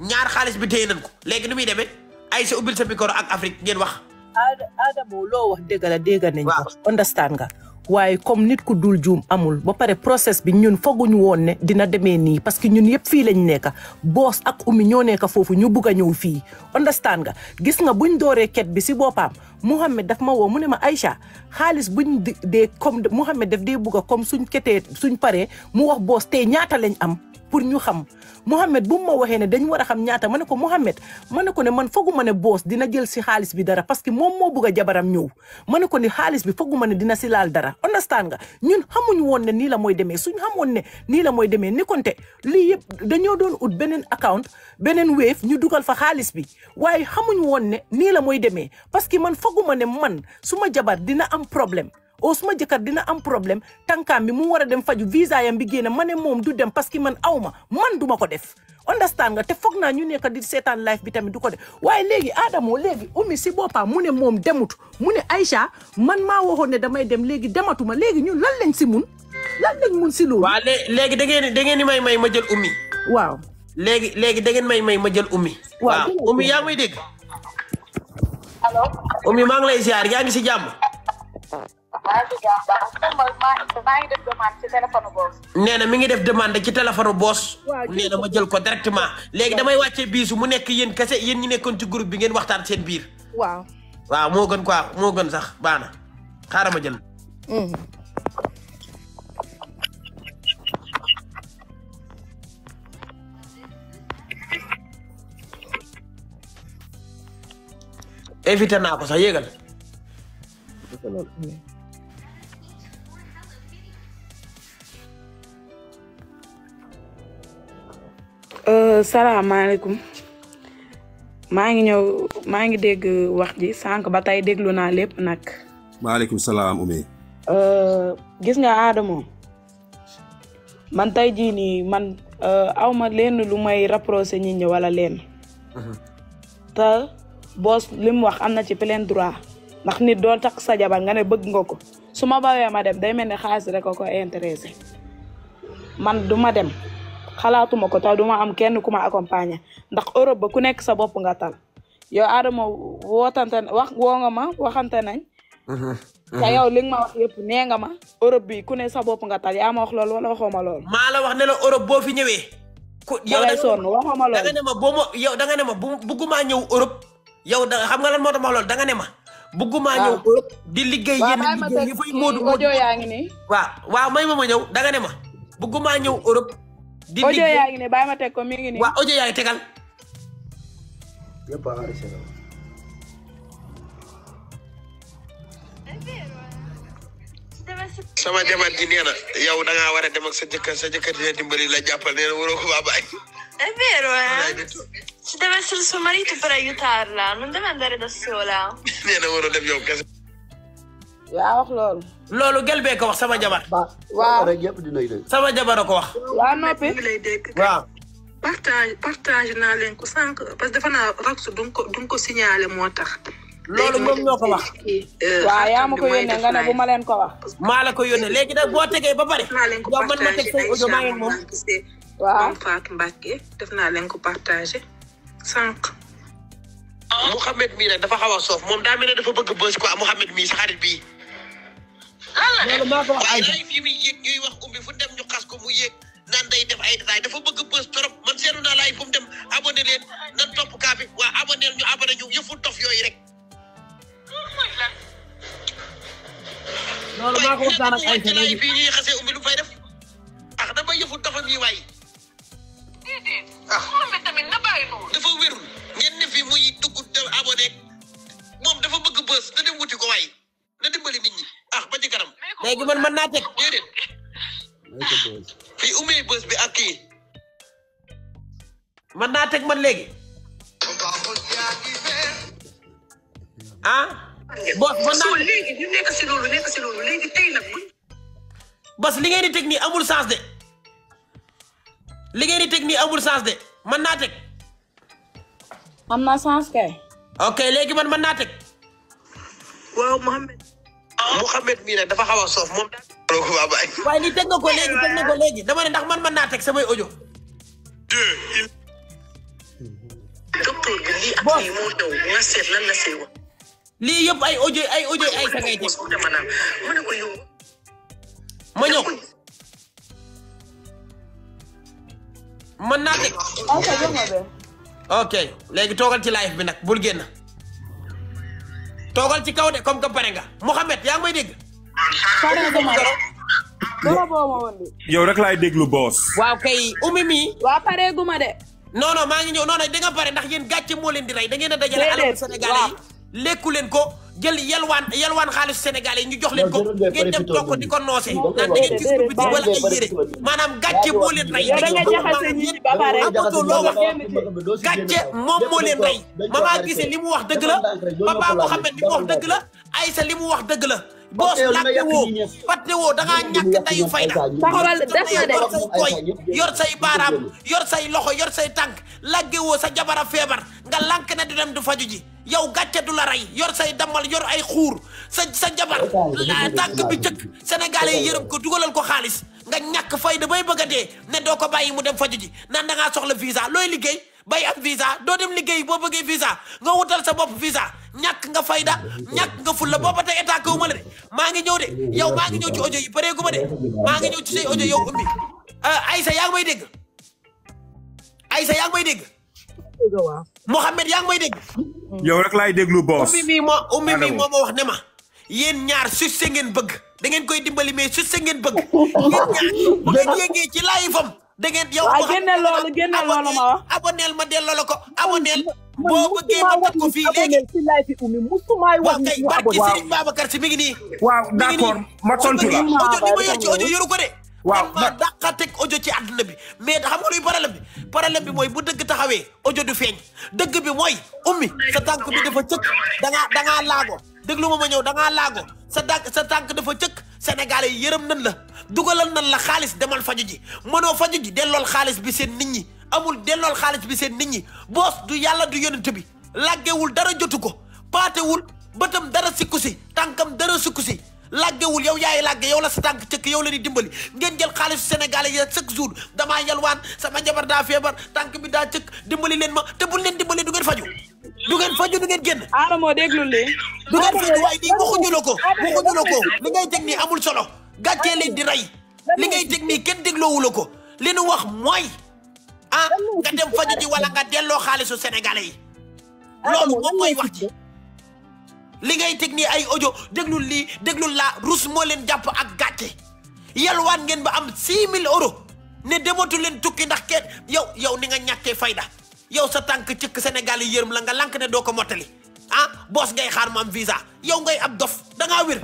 ñaar xaalis bi téye nañ ko léegi nu muy demee ay sa ubbil sa micro ak Afrique ngeen wax aadamoo loo wax dégg la dégg nañ ko understand nga waaye comme nit ku dul juum amul ba pare process bi ñun foguñu woon ne dina demee nii parce que ñun yëpp fii lañ nekka boos ak umi ñoo nekka foofu ñu bugg a ñëw fii understand nga gis nga buñ dooree ket bi si boppam Mouhamed dafa ma woo mu ne ma Aïcha xaalis buñ dee comme Mouhamed daf dee bugg a comme suñ ketee suñ paree mu wax boos tey ñaata lañ am pour ñu xam Mouhamed bu mu ma waxee ne dañ war a xam ñaata ma ne ko Mouhamed ma ne ko ne man fogu ma ne boos dina jël si xaalis bi dara parce que moom moo bugg jabaram ñow ma ne ko ni xaalis bi fogu ma ne dina si laal dara understand nga ñun xamuñu woon ne nii la mooy demee suñ xamoon ne nii la mooy demee ni konte lii yëpp dañoo doon ut beneen account beneen wéef ñu dugal fa xaalis bi waaye xamuñu woon ne nii la mooy demee fooguma ne man suma jabar dina am problème oo suma jëkkër dina am problème tànkaam bi mu war a dem faju visa yam bi génn ma ne moom du dem parce que man aw ma man duma ko def understand nga te foog naa ñu nekk di seetaan life bi tamit du ko def waaye léegi Adamo léegi Umi si boppam mu ne moom demut mu ne Aïcha man maa waxoon ne damay dem léegi dematuma léegi ñun lan lañ si mun lan lañ mun si loolu. waaw léegi da ngeen da ngeen ni may may ma jël Umi. waaw léegi léegi da ngeen may may ma jël Umi. waaw yaa may dégg. allo. Oumy maa lay ziar yaa ngi si jàmm. maa ngi si jàmm baax nee na mi ngi def demande ci téléphone boos. nee na ma jël ko directement. léegi damay wàccee biisu mu nekk yéen kese yéen ñi nekkoon ci groupe bi ngeen waxtaan seen biir. waaw. waaw moo gën quoi moo gën sax baana na xaaral ma jël. Mm. évité naa ko sax yéegal. Euh, salaamaaleykum maa ngi ñëw maa ngi dégg wax ji sànq ba tey déglu naa lépp nag. maaleykum salaam Oumy. Euh, gis nga Adamo man tey jii nii man euh, awma ma lenn lu may rapproché nit wala leen mhm. te boos li mu wax am na ci plein droit ndax nit doo tak sa jabar nga ne bëgg nga ko su ma bawee ma dem day mel ne xaalis rek ko ko intéressé man duma ma dem xalaatuma ko taw duma am kenn ku ma accompagner ndax Europe ba ku nekk sa bopp nga tal yow Adama wootante wax woo ma waxante nañ uh-huh, yow uh-huh. li ma wax yëpp nga ma Europe bi ku ne sa bopp nga tal yaa ma wax loolu wala waxoo ma loolu wax ne Europe boo fi ñëwee ku yow da nga sonn waxoo ma loolu Europe yow da xam nga lan moo tax ma loolu da nga ne ma. bëgguma ñëw Europe di liggéey yenn liggéey yi fay moodu moodu may ma ma ñëw da nga ne ma bëgguma ñëw Europe di liggéey audio ma teg ko mi ngi nii waaw audio yaa tegal sama jabar yow da ngaa a dem ak jëkkër sa jëkkër dimbali la jàppal Ci deve essere ma marito per aiutarla, non deve andare da sola. nee na war a dem yow kese. yaa wax loolu. loolu gel bee wax sama jabar. waaw rek yëpp dina dégg. sama jabar a ko wax. waa noppi waaw. partage partage naa leen ko sànq parce que dafa du nga du ko signalé moo tax. loolu moom ñoo ko wax. Eh, waaw yaa ma ko yónnee nga ne bu ma leen ko wax. maa la ko yónnee léegi nag boo tegee ba pare. maa leen ko partagé ay champs maa ngi gisee. waaw Fatou Mbacke def naa leen ko sànq. Ah, Mouhamed mii nag dafa xaw a soof moom daa mel ne dafa bëgg bës quoi Mouhamed mii sa xarit bii. lan la def waaye fi muy yéeg ñuy wax umbi fu dem ñu xas ko mu yéeg naan day def ay détails dafa bëgg bës trop man seetlu naa laay fu dem abonné leen nan topp kaa bi waa abonné ñu abonné ñu yëfu dof yooyu rek. loolu maa ko waxtaan ak ay fii ñuy xasee yi déedéet. ah moom tamit na bàyyi dafa wérul ngeen ne fi muy dugg te abonné moom dafa bëgg bës na dem wuti ko waay na dimbali nit ñi ah ba ci kanam. léegi man naa teg déedéet. fi umee bës bi ak naa teg man léegi. ah. bos mën naa léegi ñu nekk li ngeen di teg nii amul sens de. li ngeen di teg nii amul sens de mën naa teg. am na sens kay. ok léegi man mën naa teg. waaw Mohamed. Mohamed mii nag dafa xaw a soof moom. waaye ni teg ko léegi teg nga ko dama ne ndax man mën naa teg samay audio. lii ak lii moo ñëw nga yëpp ay audio ay audio ay sa ngay teg. ma mën naa teg. ok léegi toogal ci live bi nag bul génn. toogal ci kaw de comme que pare nga Mouhamed yaa ngi may dégg. yow rek laay déglu boos. waaw kay umi waa pare guma de. non maa ngi ñëw non non da nga pare ndax yéen gàcce moo leen di rey da ngeen a dajale alalu Sénégal yi lekku leen ko. jël yalwaan yalwaan xaalis Sénégal yi ñu jox leen ko ngeen dem toog ko di ko noose naan da ngeen ci suuf bi wala ay yére maanaam gàcce moo leen rey amato loo wax gàcce moom moo leen rey mamaa gisee li mu wax dëgg la papa Mouhamed li mu wax dëgg la Aïssa li mu wax dëgg la. boos ñàkk woo fàtte woo da ngaa ñàkk dayu fayda. xoolal def na de yor say yor say loxo yor say tànk làgge woo sa jabara feebar nga lànk ne du dem du faju ji yow gàcce du la rey yor say dammal yor ay xuur sa sa jabar la tànk bi jëkk sénégalais yi yërëm ko dugalal ko xaalis nga ñàkk da bay bëgg dee ne doo ko bàyyi mu dem faju ji naan da ngaa soxla visa looy liggéey bay am visa doo dem liggéey boo bëggee visa nga wutal sa bopp visa ñàkk nga fayda ñàkk nga fulla booba tey état kaw ma la de maa ngi ñëw de yow maa ngi ñëw ci audio yi pareegu ma de maa ngi ñëw ci say audio yow umbi euh, Aïssa yaa ngi may dégg Aïssa yaa ngi may dégg Mohamed yaa ngi may dégg yow rek laay déglu boos umbi mii moo umbi mii moo ma wax ne ma yéen ñaar succès ngeen bëgg da ngeen koy dimbali si succès ngeen bëgg yéen ñaar bu ngeen yéegee ci laay fam da ngeen yow. waaw génne loolu génne loolu ma wax aboneel ma delloo la ko aboneel. boo bëggee ma teg ko fii léegi waaw kay barki Serigne Babacar si mi ngi nii. waaw d'accord ma tontu la audio ni ma yor ci audio yoru ko de. waaw ma dàqateeg audio ci àdduna bi mais xam nga luy problème bi problème bi mooy bu dëgg taxawee audio du feeñ dëgg bi mooy ummi sa tànk bi dafa cëkk da ngaa da ngaa laago. déglu ma ma ñëw da ngaa laago sa tànk sa tànk dafa cëkk sénégalais yërëm nan la dugalal nan la xaalis demal faju ji mënoo faju ji dellool xaalis bi seen nit ñi amul dellool xaalis bi seen nit ñi boos du yàlla du yonent bi làggewul dara jotu ko paatewul bëtam dara sikku si tànkam dara sikku si làggewul yow yaay làgge yow la sa tànk cëkk yow la ni dimbali ngeen jël xaalisu sénégalais yi chaque jour damaa yalwaan sama jabar daa feebar tànk bi daa cëkk dimbali leen ma te buñ leen dimbali du ngeen faju du ngeen faju du ngeen génn. Adamo déglu lii. du ngeen faju waaye nii waxuñu la ko waxuñu la ko li ngay teg ni amul solo gàccee leen di rey li ngay teg nii kenn dégloowu ko li nu wax mooy a ah, nga dem faju ji wala nga delloo xaalisu sénégalais yi loolu moom mooy wax ci li ngay teg ni ay ojo déglul li déglul laa rus moo leen jàpp ak gàcce yalwaan ngeen ba am 6000 euros ne dematu leen tukki ndax kenn yow yow ni nga ñàkkee fayda. yow sa tànk cëkk Sénégal yi yërëm la nga lank ne doo ko mottali ah boos ngay xaar mu am visa yow ngay ab dof da ngaa wér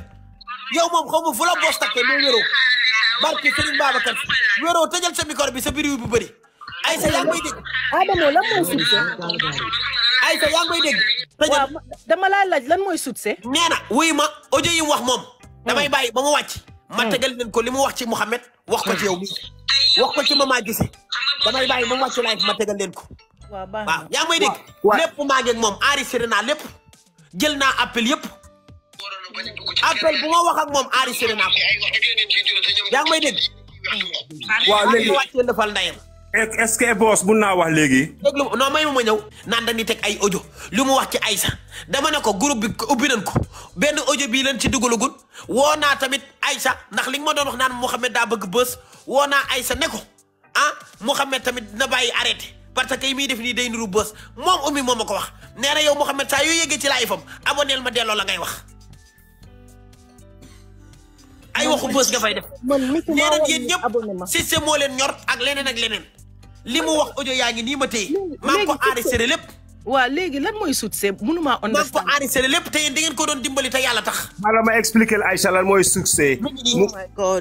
yow moom xaw ma fu la boos takkee mais wéroo barke Serigne Babacar wéroo tëjal sa micro bi sa biir bu bëri ay yaa ngi may dégg. Adamo dama laa laaj lan mooy succès. nee na wuy ma audio yi wax moom. damay mm. bàyyi ba mu wàcc. ma mm. tegal leen ko li mu wax ci Mouhamed. wax ko ci yow mi wax ko ci ma maa Guissé damay bàyyi ba mu wàcc live ma tegal ko. waaw baax na yaa may dégg. lépp maa ngi ak moom enregistré naa lépp jël naa appel yëpp. appel bu ma wax ak moom enregistré naa ko. yaa ngi may dégg. waaw léegi wàccee defal ndayam. est-ce que boss mun naa wax léegi. déglu non may ma ma ñëw naan dañuy teg ay ojo li mu wax ci Aïssa dama ne ko groupe bi ubbi nañ ko benn ojo bii lañ ci dugalagul woo naa tamit Aïssa ndax li ma doon wax naan Mouhamed daa bëgg bës woo naa Aïssa ne ko ah Mouhamed tamit na bàyyi arrêté. parce que yi muy def nii day nuru bës moom ummi moom ma wax nee na yow Mouhamed saa yoo yëgee ci laay fam aboneel ma delloo la ngay wax. ay waxu bës nga fay def. man nee na yéen ñëpp système moo leen ñor ak leneen ak leneen. li mu wax audio yaa ngi nii ma téye. maa ngi ko enregistré lépp. waa léegi lan mooy succès mënuma understand. maa ngi lépp te yéen da ngeen ko doon dimbali te yàlla tax. maanaam ma expliqué la Aïcha lan mooy succès. Oh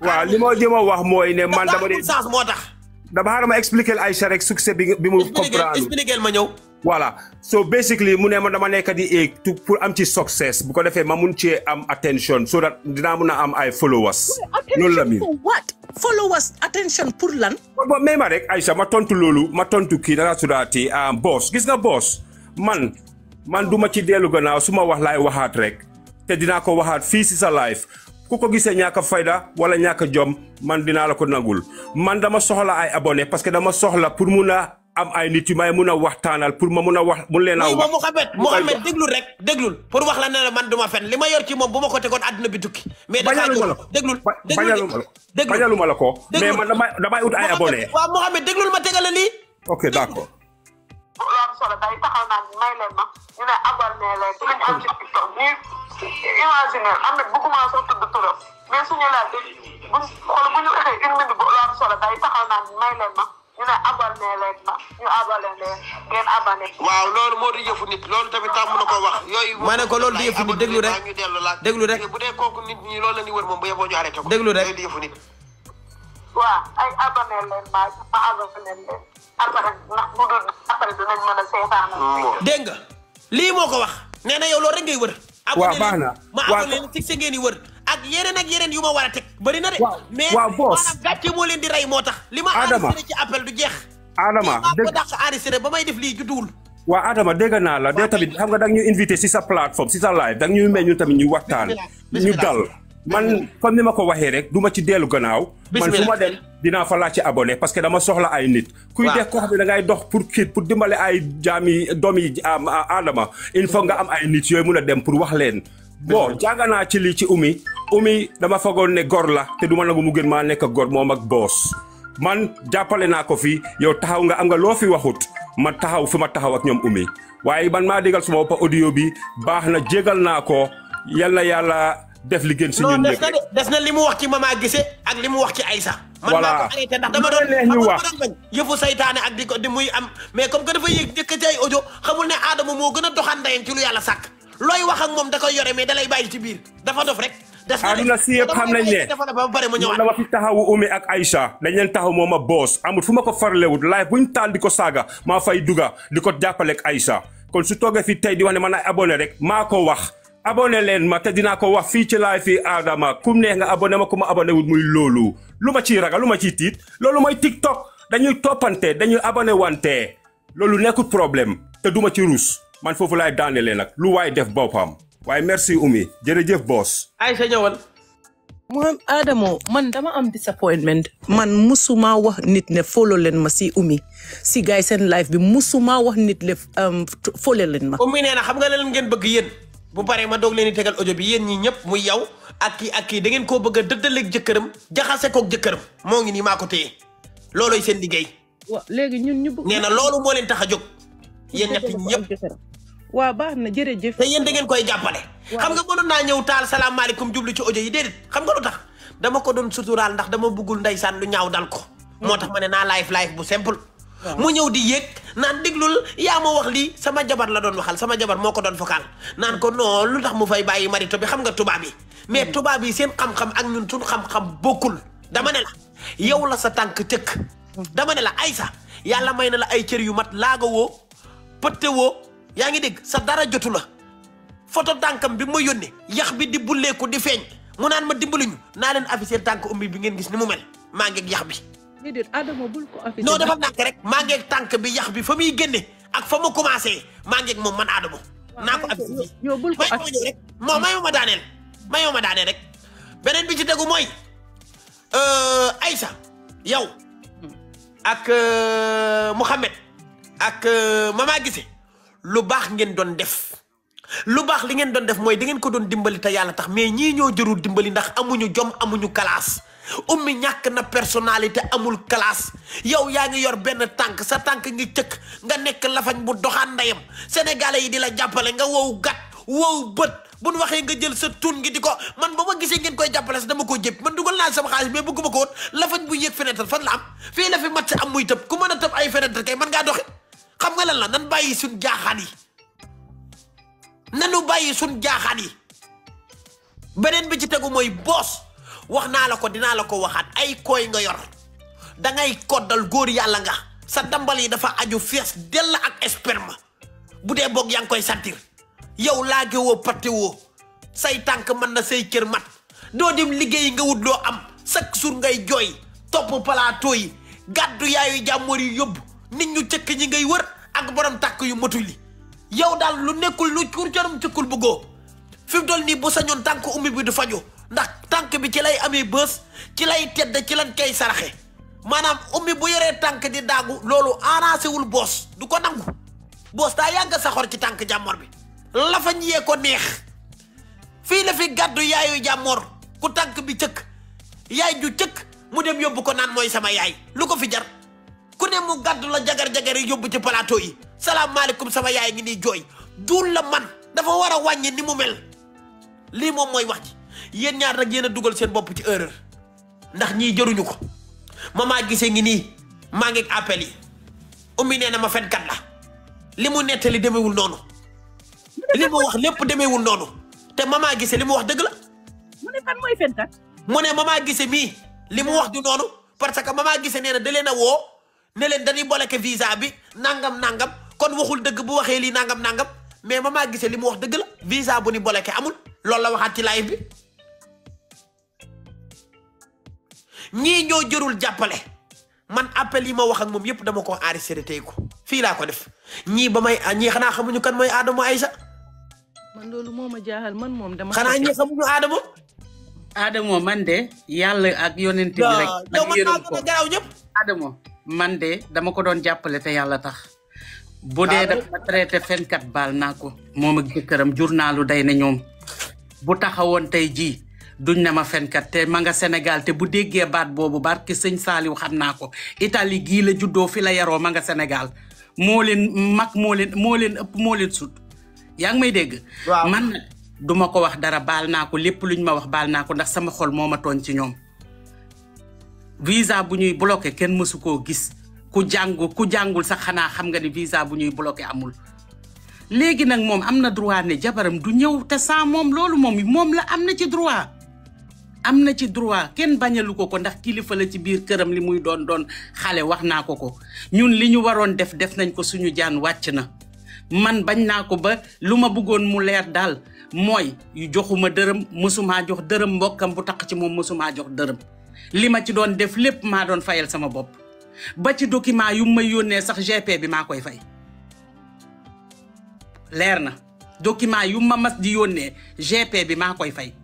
waaw li ma yor ma a wax mooy ne man dama de. moo tax. dama xaaral ma expliquer ay sa rek succès bi bi mu. comprendre expliquer ma ñëw. voilà so basically mu ne ma dama nekk di éeg pour am ci success bu ko defee ma mun cee am attention so that dinaa mun a am ay followers. loolu la mi attention for what followers attention ma rek Aïcha ma tontu loolu ma tontu kii dara sudaati ah, boss gis nga boos man man duma ci dellu gannaaw su ma wax laay waxaat rek te dinaa ko waxaat fii si sa ku ko gisee ñàkk fayda wala ñàkk jom man dinaa la ko nagul man dama soxla ay abonné parce que dama soxla pour mun a am ay nit yu may mun a waxtaanal pour ma mun a wax mun leen a wax Mouhamed Mouhamed déglul rek déglul pour wax la ne la man duma fen li ma yor ci moom bu ma ko tegoon àdduna bi tukki mais bañaluma la ko déglul bañaluma la ko mais man damay damay ut ay abonné waaw Mouhamed déglul ma tegale lii ok d'accord yaay solo day taxaw naa may leen ma ñu ne abonné leen luñ am ci TikTok ñuy imaginer ñu waxee une solo day taxaw naan may leen ma ñu ne abonné leen ma ñu abonné leen ngeen waaw loolu moo di yëfu nit loolu tamit tàmm na ko wax. yooyu ma ne ko loolu di yëfu nit déglu rek déglu rek bu dee kooku nit ñi loolu la ñuy wër moom bu ñu arrêté ko. déglu rek loolu di yëfu nit. waaw ay ma ma abonné après ndax bu a dégg nga lii moo ko wax nee na yow loolu rek ngay wër. waaw baax na ma abonné leen si si di wër. ak yeneen ak yeneen yu ma war a teg. bëri na de mais maanaam gàcce moo leen di rey moo tax. li ma enregistré ci appel du jeex. Adama dégg ko dàq enregistré ba may def lii judduwul. waaw Adama dégg naa la de tamit xam nga da ñu invité si sa plateforme si sa live da ñu may tamit ñu waxtaan ñu dal. man comme ni ma ko waxee rek du ma ci dellu gannaaw. man fu ma dem dina fa laa ci abonné parce que dama soxla ay nit. kuy def ko xam ne da ngay dox pour kii pour dimbale ay jaami doomi aadama il faut nga am ay nit yooyu mun a dem pour wax leen. boo jàng naa ci lii ci umi. umi dama fagoon ne gor la te du ma nangu mu gën maa nekk gor moom ak boos. man jàppale naa ko fi yow taxaw nga am nga loo fi waxut ma taxaw fi ma taxaw ak ñoom umi waaye man maa déggal suma bopp audio bi baax na jégal naa ko yal na def li si ñun ñëpp non des na li mu wax ci mama gise ak li mu wax ci Aïssa. man maa ko arrêté ndax dama doon neex ñu wax yëfu seytaane ak di ko di muy am mais comme que dafa yëg jëkk ci ay audio xamul ne gën a doxaan ndeyam yàlla sàkk looy wax ak moom da yore mais dalay bàyyi ci biir dafa dof rek. des na aduna si yëpp xam nañ ne ba pare ma ñëwaat dama fi taxawu Oumy ak Aïcha dañ leen taxaw moom a boos amul fu ma ko farlewut laay bu buñ taal di ko saaga maa fay duga di ko jàppale ak Aïcha kon su toogee fi tey di wax ne man a abonné rek maa ko wax abone leen ma te dinaa ko wax fii ci laay fii Adama kum neex nga abone ma ku ma abonné muy loolu lu ma ciy ragal lu ma ciy tiit loolu mooy TikTok dañuy toppante dañuy abonné wante loolu nekkul problème te duma ci rus man foofu laay daanelee nag lu waay def boppam waaye merci Oumy jërëjëf boos ay sa ñëwal. moom Adamo man dama am disappointment man musu musuma wax nit ne follow leen ma si Oumy si gaay seen live musu musuma wax nit le euh, follow leen ma. Oumy nee na xam nga leen ngeen bëgg yéen. bu paree ma doog leen tegal audio bi yéen ñi ñëpp muy yow ak kii ak kii da ngeen koo bëgg a dëddaleeg jëkkëram jaxase kook jëkkëram moo ngi nii maa ko téye loolooy seen liggéey. waaw ñu bëgg. nee na loolu moo leen tax a jóg. yéen ñett ñëpp waaw baax na jërëjëf. te yéen da ngeen koy jàppale. xam nga mënoon naa ñëw taal salaamaaleykum jublu ci ojo yi déedéet xam nga lu tax dama ko doon suturaal ndax dama bëggul ndeysaan lu ñaaw dal ko. moo tax ma ne naa live live bu simple. mu ñëw di yéeg naan déglul yaa ma wax lii sama jabar la doon waxal sama jabar moo ko doon fokaal naan ko non lu tax mu fay bàyyi marito bi xam nga tubaab yi mais mm. tubaab yi seen xam-xam ak ñun suñu xam-xam bokkul dama ne la yow la sa tànk tëkk mm. dama ne la ay sa yàlla may na la ay cër yu mat laaga woo pëtte woo yaa ngi dégg sa dara jotu la photo tànkam bi ma yónnee yax bi di bulleeku di feeñ mu naan ma dimbaluñu naa leen afficher tànk umbi bi ngeen gis ni mu mel maa ngi yax bi déedéet Adama bul ko affiché. non dafa nàkk rek maa ngeeg tànk bi yax bi fa muy génne ak fa mu commencé maa ngeeg moom man Adama. naa ko affiché yow bul ko affiché rek ma daaneel mayoo ma daaneel rek beneen bi ci tegu mooy euh, Aïcha yow ak euh, Mouhamed ak euh, Mama Guissé lu baax ngeen doon def. lu baax li ngeen doon def mooy da ngeen ko doon dimbali te yàlla tax mais ñii ñoo jërul dimbali ndax amuñu jom amuñu kalaas ummi ñàkk na personnalité amul classe yow yaa ngi yor benn tànk sa tànk ngi cëkk nga nekk lafañ bu doxaan ndeyam sénégalais yi di la jàppale nga wow gat wow bët bu nu waxee nga jël sa tun ngi di ko man ba ma gisee ngeen koy jàppale sa dama ko jëpp man dugal naa sama xaalis mais bëgguma ko woon lafañ bu yéeg fenêtre fan la am fii la fi match am muy tëb ku mën a tëb ay fenêtre kay man ngaa doxi xam nga lan la nan bàyyi suñ jaaxaan yi nanu bàyyi suñ jaaxaan yi beneen bi ci tegu mooy boos wax naa la ko dinaa la ko waxaat ay koy nga yor da ngay koddal góor yàlla nga sa dambal yi dafa aju fees dell ak esperma bu dee boog yaa ngi koy sentir yow laage woo patte woo say tànk mën na say cër mat doo dem liggéey nga wut loo am chaque jour ngay jooy topp palaato yi gàddu yaayu jàmmoor yu yóbbu nit ñu cëkk ñi ngay wër ak borom tàkk yu matul li yow daal lu nekkul lu cuur jarum cëkkul bëggoo fi dool toll nii bu sañoon tànk ummi bi du faju ndax tànk bi ci lay amee bës ci lay tedd ci lan kay saraxe maanaam ummi bu yoree tànk di daagu loolu arrangé wul boos du ko nangu boos daa yàgg saxoor ci tànk jàmmoor bi lafañ yee ko neex fii la fi gàddu yaayu jàmmoor ku tànk bi cëkk yaay ju cëkk mu dem yóbbu ko naan mooy sama yaay lu ko fi jar ku ne mu gàddu la jagar-jagar yi yóbbu ci plateau yi salaamaaleykum sama yaay ngi nii jooy duul la man dafa war a wàññi ni mu mel lii moom mooy wax ji yéen ñaar nag yéen a dugal seen bopp ci erreur ndax ñii jëruñu ko ma mama gisee ngi nii maa ngi appel yi ummi nee na ma fenkat la li mu nettali demewul noonu li mu wax lépp demewul noonu te mama gisee li mu wax dëgg la. mu ne mu ne mama gisee mii li mu wax du noonu parce que ma mama gisee nee na da leen a woo ne leen dañuy bloqué visa bi nangam nangam kon waxul dëgg bu waxee lii nangam nangam mais ma gisee li mu wax dëgg la visa bu ni bloqué amul loolu la waxaat ci live bi. ñii ñoo jërul jàppale man appel yi ma wax ak moom yëpp dama ko enregistré tey ko fii laa ko def ñii ba may ñii xanaa xamuñu kan mooy Adamo Aïcha. man loolu moo ma jaaxal man moom dama. xanaa ñii xamuñu Adamo. Adamo man de yàlla ak yonent bi rek. ak yërëm ko garaaw man de dama ko doon jàppale te yàlla tax. bu dee dafa traité fenkat baal naa ko. moom ak jëkkëram journalu day na ñoom. bu taxawoon tey jii. duñ na ma fenkat te ma Sénégal te bu déggee baat boobu barke sëñ Saaliw xam naa ko Italie gii la juddoo fi la yaroo manga nga Sénégal moo leen mag moo leen moo leen ëpp moo leen sut yaa ngi may dégg. waaw man du ma ko wax dara baal naa ko lépp luñ ma wax baal naa ko ndax sama xol moo ma tooñ ci ñoom. visa bu ñuy bloqué kenn mësu koo gis ku jàngu ku jàngul sax xanaa xam nga ni visa bu ñuy bloqué amul. léegi nag moom am na droit ne jabaram du ñëw te sans moom loolu moom moom la am na ci droit. am na ci droit kenn bañalu ko ko ndax kilifa la ci biir këram li muy doon doon xale wax naa ko ko ñun li ñu waroon def def nañ ko suñu jaan wàcc na man bañ naa ko ba lu ma bëggoon mu leer daal mooy yu joxuma dërëm mësumaa jox dërëm mbokkam bu taq ci moom mësumaa jox dërëm li ma ci doon def lépp maa doon fayal sama bopp ba ci document yu may yónnee sax GP bi maa koy fay leer na document yu ma mas di yónnee GP bi maa koy fay